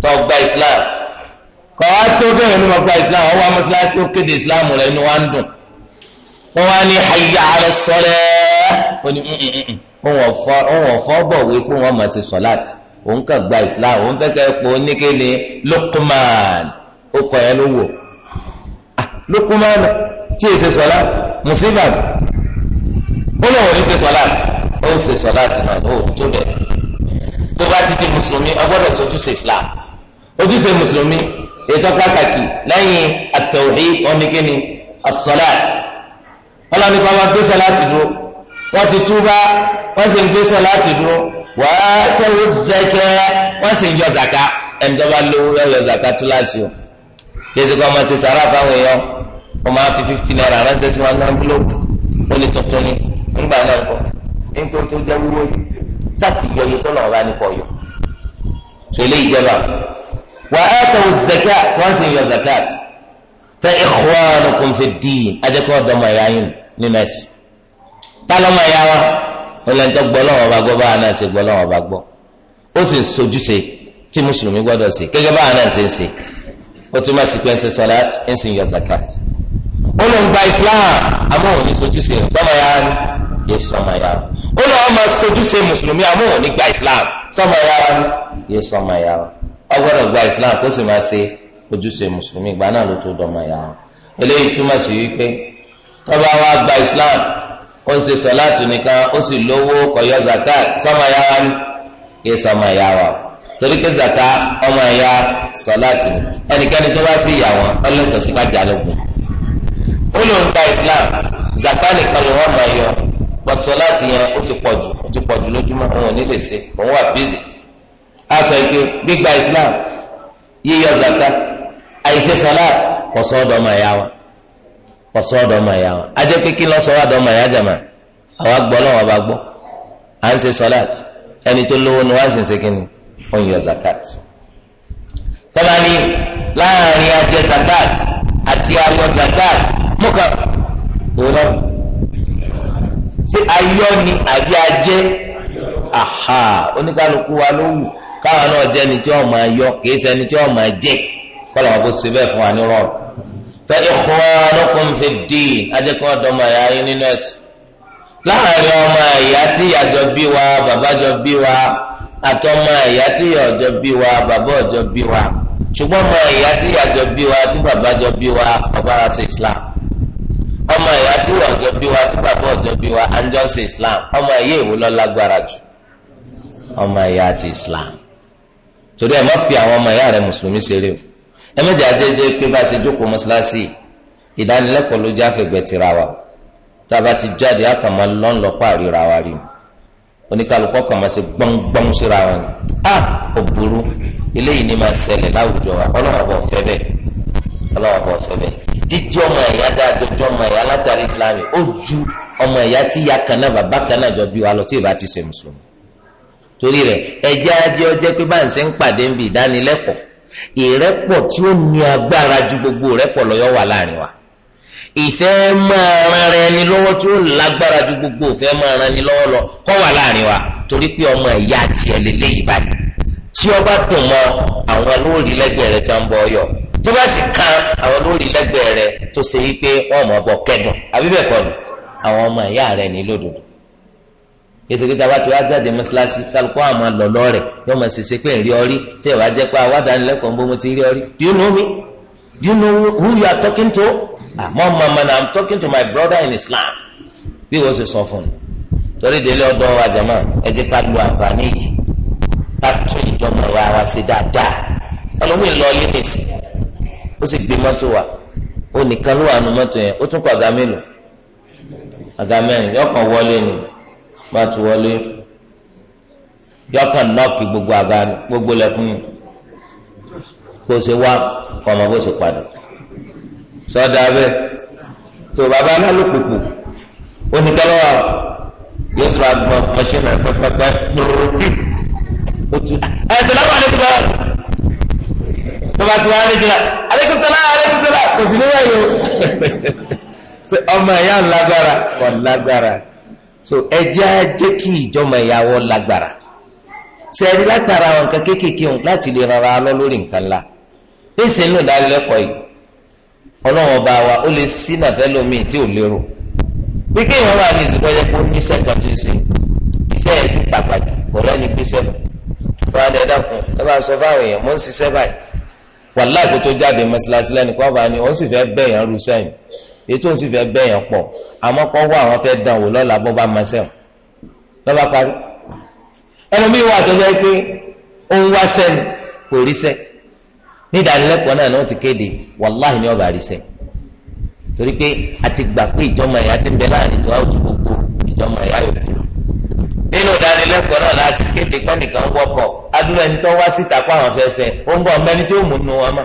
tó gba Islam kọ́ wa tó bẹ́ẹ̀ ní mọ̀gbà islam ọwọ́ amọ́síláṣí ó kéde islam rẹ̀ inú wa ń dùn wọ́n wá ní hayya ala sọ́lẹ̀ ó ní òun mm, mm, mm, ọ̀fọ́ bọ̀ wí pé wọ́n máa ṣe sọ́láàtì òun kàn gba islam òun fẹ́ kẹ́ pọ̀ oníkéle Luqman ó kọ̀ yẹn ló wò ah, Luqman tí èsè sọ́láàtì mùsíbà ó lóun ní ṣe sọ́láàtì ó ń ṣe sọ́láàtì náà ó tó bẹ̀ tó bá ti di mùsùlùmí ọgbọ́dọ̀ sojúṣe islam ojúṣe mùsùlùmí ètò pàtàkì lẹ́yìn at-tawhid oníkíni as-salat ọlọ́ni kan máa gbé sọláàtì dúró wọ́n ti túbá wọ́n sì ń gbé sọláàtì dúró wọ́n á tẹ̀wé zẹ́kẹ́ wọ́n sì ń yọ zàká ẹni tó lówó yọ yọ zàká túláàsì o yéésì kan máa ṣe sàrà fáwọn èèyàn wọ́n máa fi fifty naira ránṣẹ́ sí wọn náà búlọ́ọ̀kù ó lè tuntun ni nígbà náà ń kọ́ nítorí tó jẹ́ wúwo sátìyọ iye tó lọ́wọ́ bá nípa wà á tẹ̀wò zakat tí wọ́n sì ń yọ zakat fẹ́ ikhwanukum fi ddin ajẹ́kọ́ ọ̀dọ́mọ ẹ̀yà yín nínú ẹ̀sìn tálọ́mọ ẹ̀yà wa ọlẹ́ntẹ́ gbọ́ lọ́wọ́ bá gbọ́ báwa náà ṣe gbọ́ lọ́wọ́ bá gbọ́ ó sì sojúṣe tí mùsùlùmí gbọ́dọ̀ ṣe gẹ́gẹ́ báwa náà ṣe ń ṣe ó tún máa sì pé ń ṣe sọláàtì ń sì ń yọ zakat ó ń gba islam àmọ́ òní ọgbọ́dọ̀ gba islam kó sì máa ṣe ojúṣe mùsùlùmí ìgbà náà ló tó dọmọ ìyá wọn eléyìí túmọ̀ sí wípé tọ́ba wa gba islam ó ń ṣe sọláàtù nìkan ó sì lówó kọyọ zakat sọmọ ìyá wa ni kí sọmọ ìyá wa torí pé zaka ọmọ ìyá sọláàtù ni ẹnikẹ́ni tó bá sí ìyá wọn ọlọ́tọ̀ sí bàjẹ́ alógun ó lóun gba islam zaka nìkan ló wọ́n máa yọ pọ̀tù yẹn ó ti pọ̀jù ó ti pọ̀jù lójúmọ́ òun ò ní lè ṣe òun wà bízì aṣọ ìpè gbígba islam yíyọ zaka àìṣe salat kò sọ ọdọ ọmọ ẹyà wa kò ọdọ ọmọ ẹyà wa ajẹ pé kí lọ sọ wá ọmọ ẹyà jàmà àwa gbọ́ lọ́wọ́ bá gbọ́ à ń ṣe salat ẹni tó lówó ni wọ́n á sì ń ṣe kíni ó yọ zakat tọ́ba ni láàrin ajẹ zakat àti ayọ zakat múkà òwúrọ̀ sí ayọ ni àbí ajẹ aha oníkálukú wa ló wù káwọn náà jẹ́ ẹni tí wọ́n máa yọ kìí ṣe ẹni tí wọ́n máa jẹ́ kọ́lá wọn kó ṣe bẹ́ẹ̀ fún wa ní rọ́ọ̀lù. fa ikhwanukum fi ddin ajẹ́kọ́ ọ̀dọ́mọ ẹ̀yà yín nínú ẹ̀sùn. láàrin ọmọ ẹ̀yà tí ìyàjọ bí wa bàbá jọ bí wa àtọmọ ẹ̀yà tí ìyàjọ bí wa bàbá ọjọ bí wa ṣùgbọ́n ọmọ ẹ̀yà tí ìyàjọ bí wa tí bàbá jọ bí wa ọ̀bára sí Islam ọmọ ẹ̀yà tí ìyàjọ bí wa tí bàbá ọjọ bí wa anjọ́ sí Islam ọmọ ẹ̀yà èwo ló lágbára jù ọmọ ẹ̀yà ti Islam torí ẹ má fi àwọn ọmọ ìyá rẹ mùsùlùmí ṣeré o ẹ méjì ajẹjẹ pé bá a ṣe jókòó mọ́ṣáláṣí ìdánilẹ́kọ̀ọ́ ló jẹ́ àfẹ̀gbẹ́ tira wa tá a bá ti jáde á kàn máa lọ́n lọ́pọ̀ àríra wa rí oníkàlùkọ́ kàn máa ṣe gbọ́ngbọ́n síra wa ni a ò burú eléyìí ni máa ṣẹlẹ̀ láwùjọ wa ọlọ́wọ́ bọ̀ fẹ́ bẹ́ẹ̀ ọlọ́wọ́ bọ̀ fẹ́ bẹ́ẹ̀ jíjí ọmọ ẹ̀yà dáadọ́jọ́ ọmọ ẹ̀yà látàrí islámi ó ju ọmọ ẹ̀yà tí ya kan náà bàbá kan náà jọ bí wa lọ tí ì bá ti ṣe mùsùlùmí torí rẹ̀ ẹjẹ́ ajé ọjẹ́ pé bá ń ṣe ń pàdé ń bi ìdánilẹ́kọ̀ọ́ ìrẹ́pọ̀ tí ó ní agbára ju gbogbo ìrẹ́pọ̀ lọ́yọ́ wà láàrin wa ìfẹ́ máa ran ara ẹni lọ́wọ́ tí ó lágbára ju gbogbo ìfẹ́ máa ran ẹni lọ́wọ́ lọ kọ́ wà láàrin wa torí pé ọmọ ìyá àti ẹ̀ lélẹ́yìí báyìí tí ó bá dùn mọ́ àwọn lórí lẹ́gbẹ̀ẹ́ rẹ̀ tó ń bọ̀ ọyọ̀ tó bá sì kan àwọn lórí lẹ́gbẹ̀ẹ́ rẹ̀ tó ṣe wípé wọ́n mọ̀ ọ́ bọ̀ àbí bẹ́ẹ̀ kọ́ ni àwọn ọmọ ìyá rẹ̀ ní lódodo yẹsẹ kí taba ti wá jáde mọ́ṣáláṣí kálukú àmọ́ lọ́lọ́ rẹ̀ yóò máa ṣèṣe pé ń rí ọ rí tí ìwà jẹ́ pé awádánilẹ́kọ̀ọ́ ń bó mo ti rí ọ do you know me do you know who you are talking to àmọ́ màmá na i'm talking to my brother in Islam bí wọ́n ṣe sọ fún un torí délé ọ̀dọ̀ wa jama ẹ jẹ́ ká lu àǹfààní yìí ká tún ìjọba wa wa ṣe dáadáa ẹlòmíì lọ ilé nìsín ó sì gbé mọ́tò wa ó nìkan ló wà nù mọ́tò yẹn ó tún kọ àgá mélòó àgá bá ti wọlé yọkàn nọọkì gbogbo àga gbogbo lẹ̀kùn yìí kó o ṣe wá ọmọ bó ṣe padà sọdá abẹ tó bàbá alálùpùpù oníkálọ́wà yóò sọ àgbọn ọṣẹ́ rẹ̀ pẹ́pẹ́pẹ́ lórí otu ẹsẹ̀ láwọn àlejò náà tó bá ti wá àlejò náà àlejò sọlá kò sí níwáyé o ọmọ ẹ̀yà ńlágbára kò ńlágbára so ẹjẹ́ á jẹ́ kí ìjọmọ ìyàwó lágbára sẹ́ẹ̀rí látara àwọn nǹkan kéékèèké òun láti lè rọra lọ lórí nǹkan ńlá níṣẹ́ nínú ìdánilẹ́kọ̀ọ́ yìí ọlọ́run ọba wa ó lè sí nàfẹ́lò míì tí ò lérò pé kí ìwọ́n wà ní ìsìnkọ́jẹ́ pé ó ní iṣẹ́ kan tó ń ṣe iṣẹ́ yẹn sì pàtàkì kò lẹ́ni gbéṣẹ́ fún wọn adé dàkún ẹ bá sọ fáwọn èèyàn mò ń ṣiṣẹ́ báyìí wàláhì kó tó jáde mọ́ṣáláṣí lẹ́nu kó bá ní òun sì fẹ́ bẹ́ẹ̀ yẹn rú ètò òsì fẹ bẹ́ẹ̀ yẹn pọ̀ àmọ́ kọ́ wọ́ àwọn fẹ́ dàn wò lọ́la bá máa sẹ́wọ̀n lọ́ba parí ẹlòmíì wà tó jẹ́ pé ó ń ní náà ni kéde wàláhì ni ọba rí torí pé a ti gbà pé ìjọba ẹ̀yà ti ń bẹ láàrin tó kéde wọ́pọ̀ ẹni tó wá síta kó àwọn ó ń bọ̀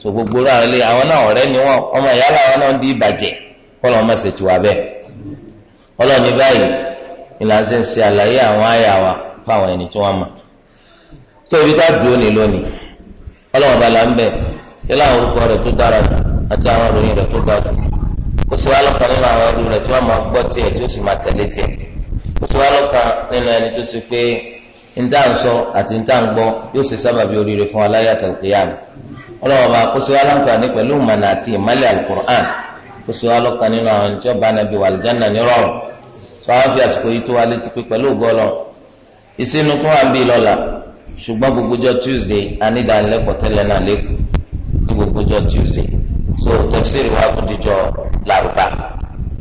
so gbogbo ra ọle àwọn náà ọ̀rẹ́ ni wọn ọmọ ìyá làwọn kọlọ ọmọ ṣètò wa ọlọrun báyìí ń ṣe àlàyé àwọn àyà wa fáwọn ẹni tí wọ́n mọ̀ tó ibi tá a dúró ní lónìí la ń bẹ̀ ilé àwọn orúkọ rẹ̀ tó dára àti àwọn ìròyìn rẹ̀ tó ga kò sí wa lọ́kàn nínú àwọn ẹrú rẹ̀ tí wọ́n máa gbọ́ tiẹ̀ tí ó sì máa tẹ̀lé ọlọ́wọ́ bá kó sí wa láǹfààní pẹ̀lú ìmọ̀nà àti ìmọ̀lẹ̀ alukur'an kó sí wa lọ́kàn nínú àwọn ìjọba anabi wà lùjánà ní rọrùn sọ wá fi àsìkò yìí tó wa létí pé pẹ̀lú ògọ́lọ́ ìsinú tó wà ń bí lọ́la ṣùgbọ́n gbogbojọ́ tuesday anídàálẹ́kọ̀ọ́ tẹ́lẹ̀ náà lẹ́kọ̀ọ́ ní gbogbojọ́ tuesday so tafsiri wa tún dijọ́ làrúbá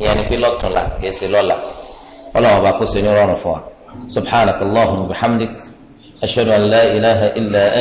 ìyẹn ni pé lọ́tùnla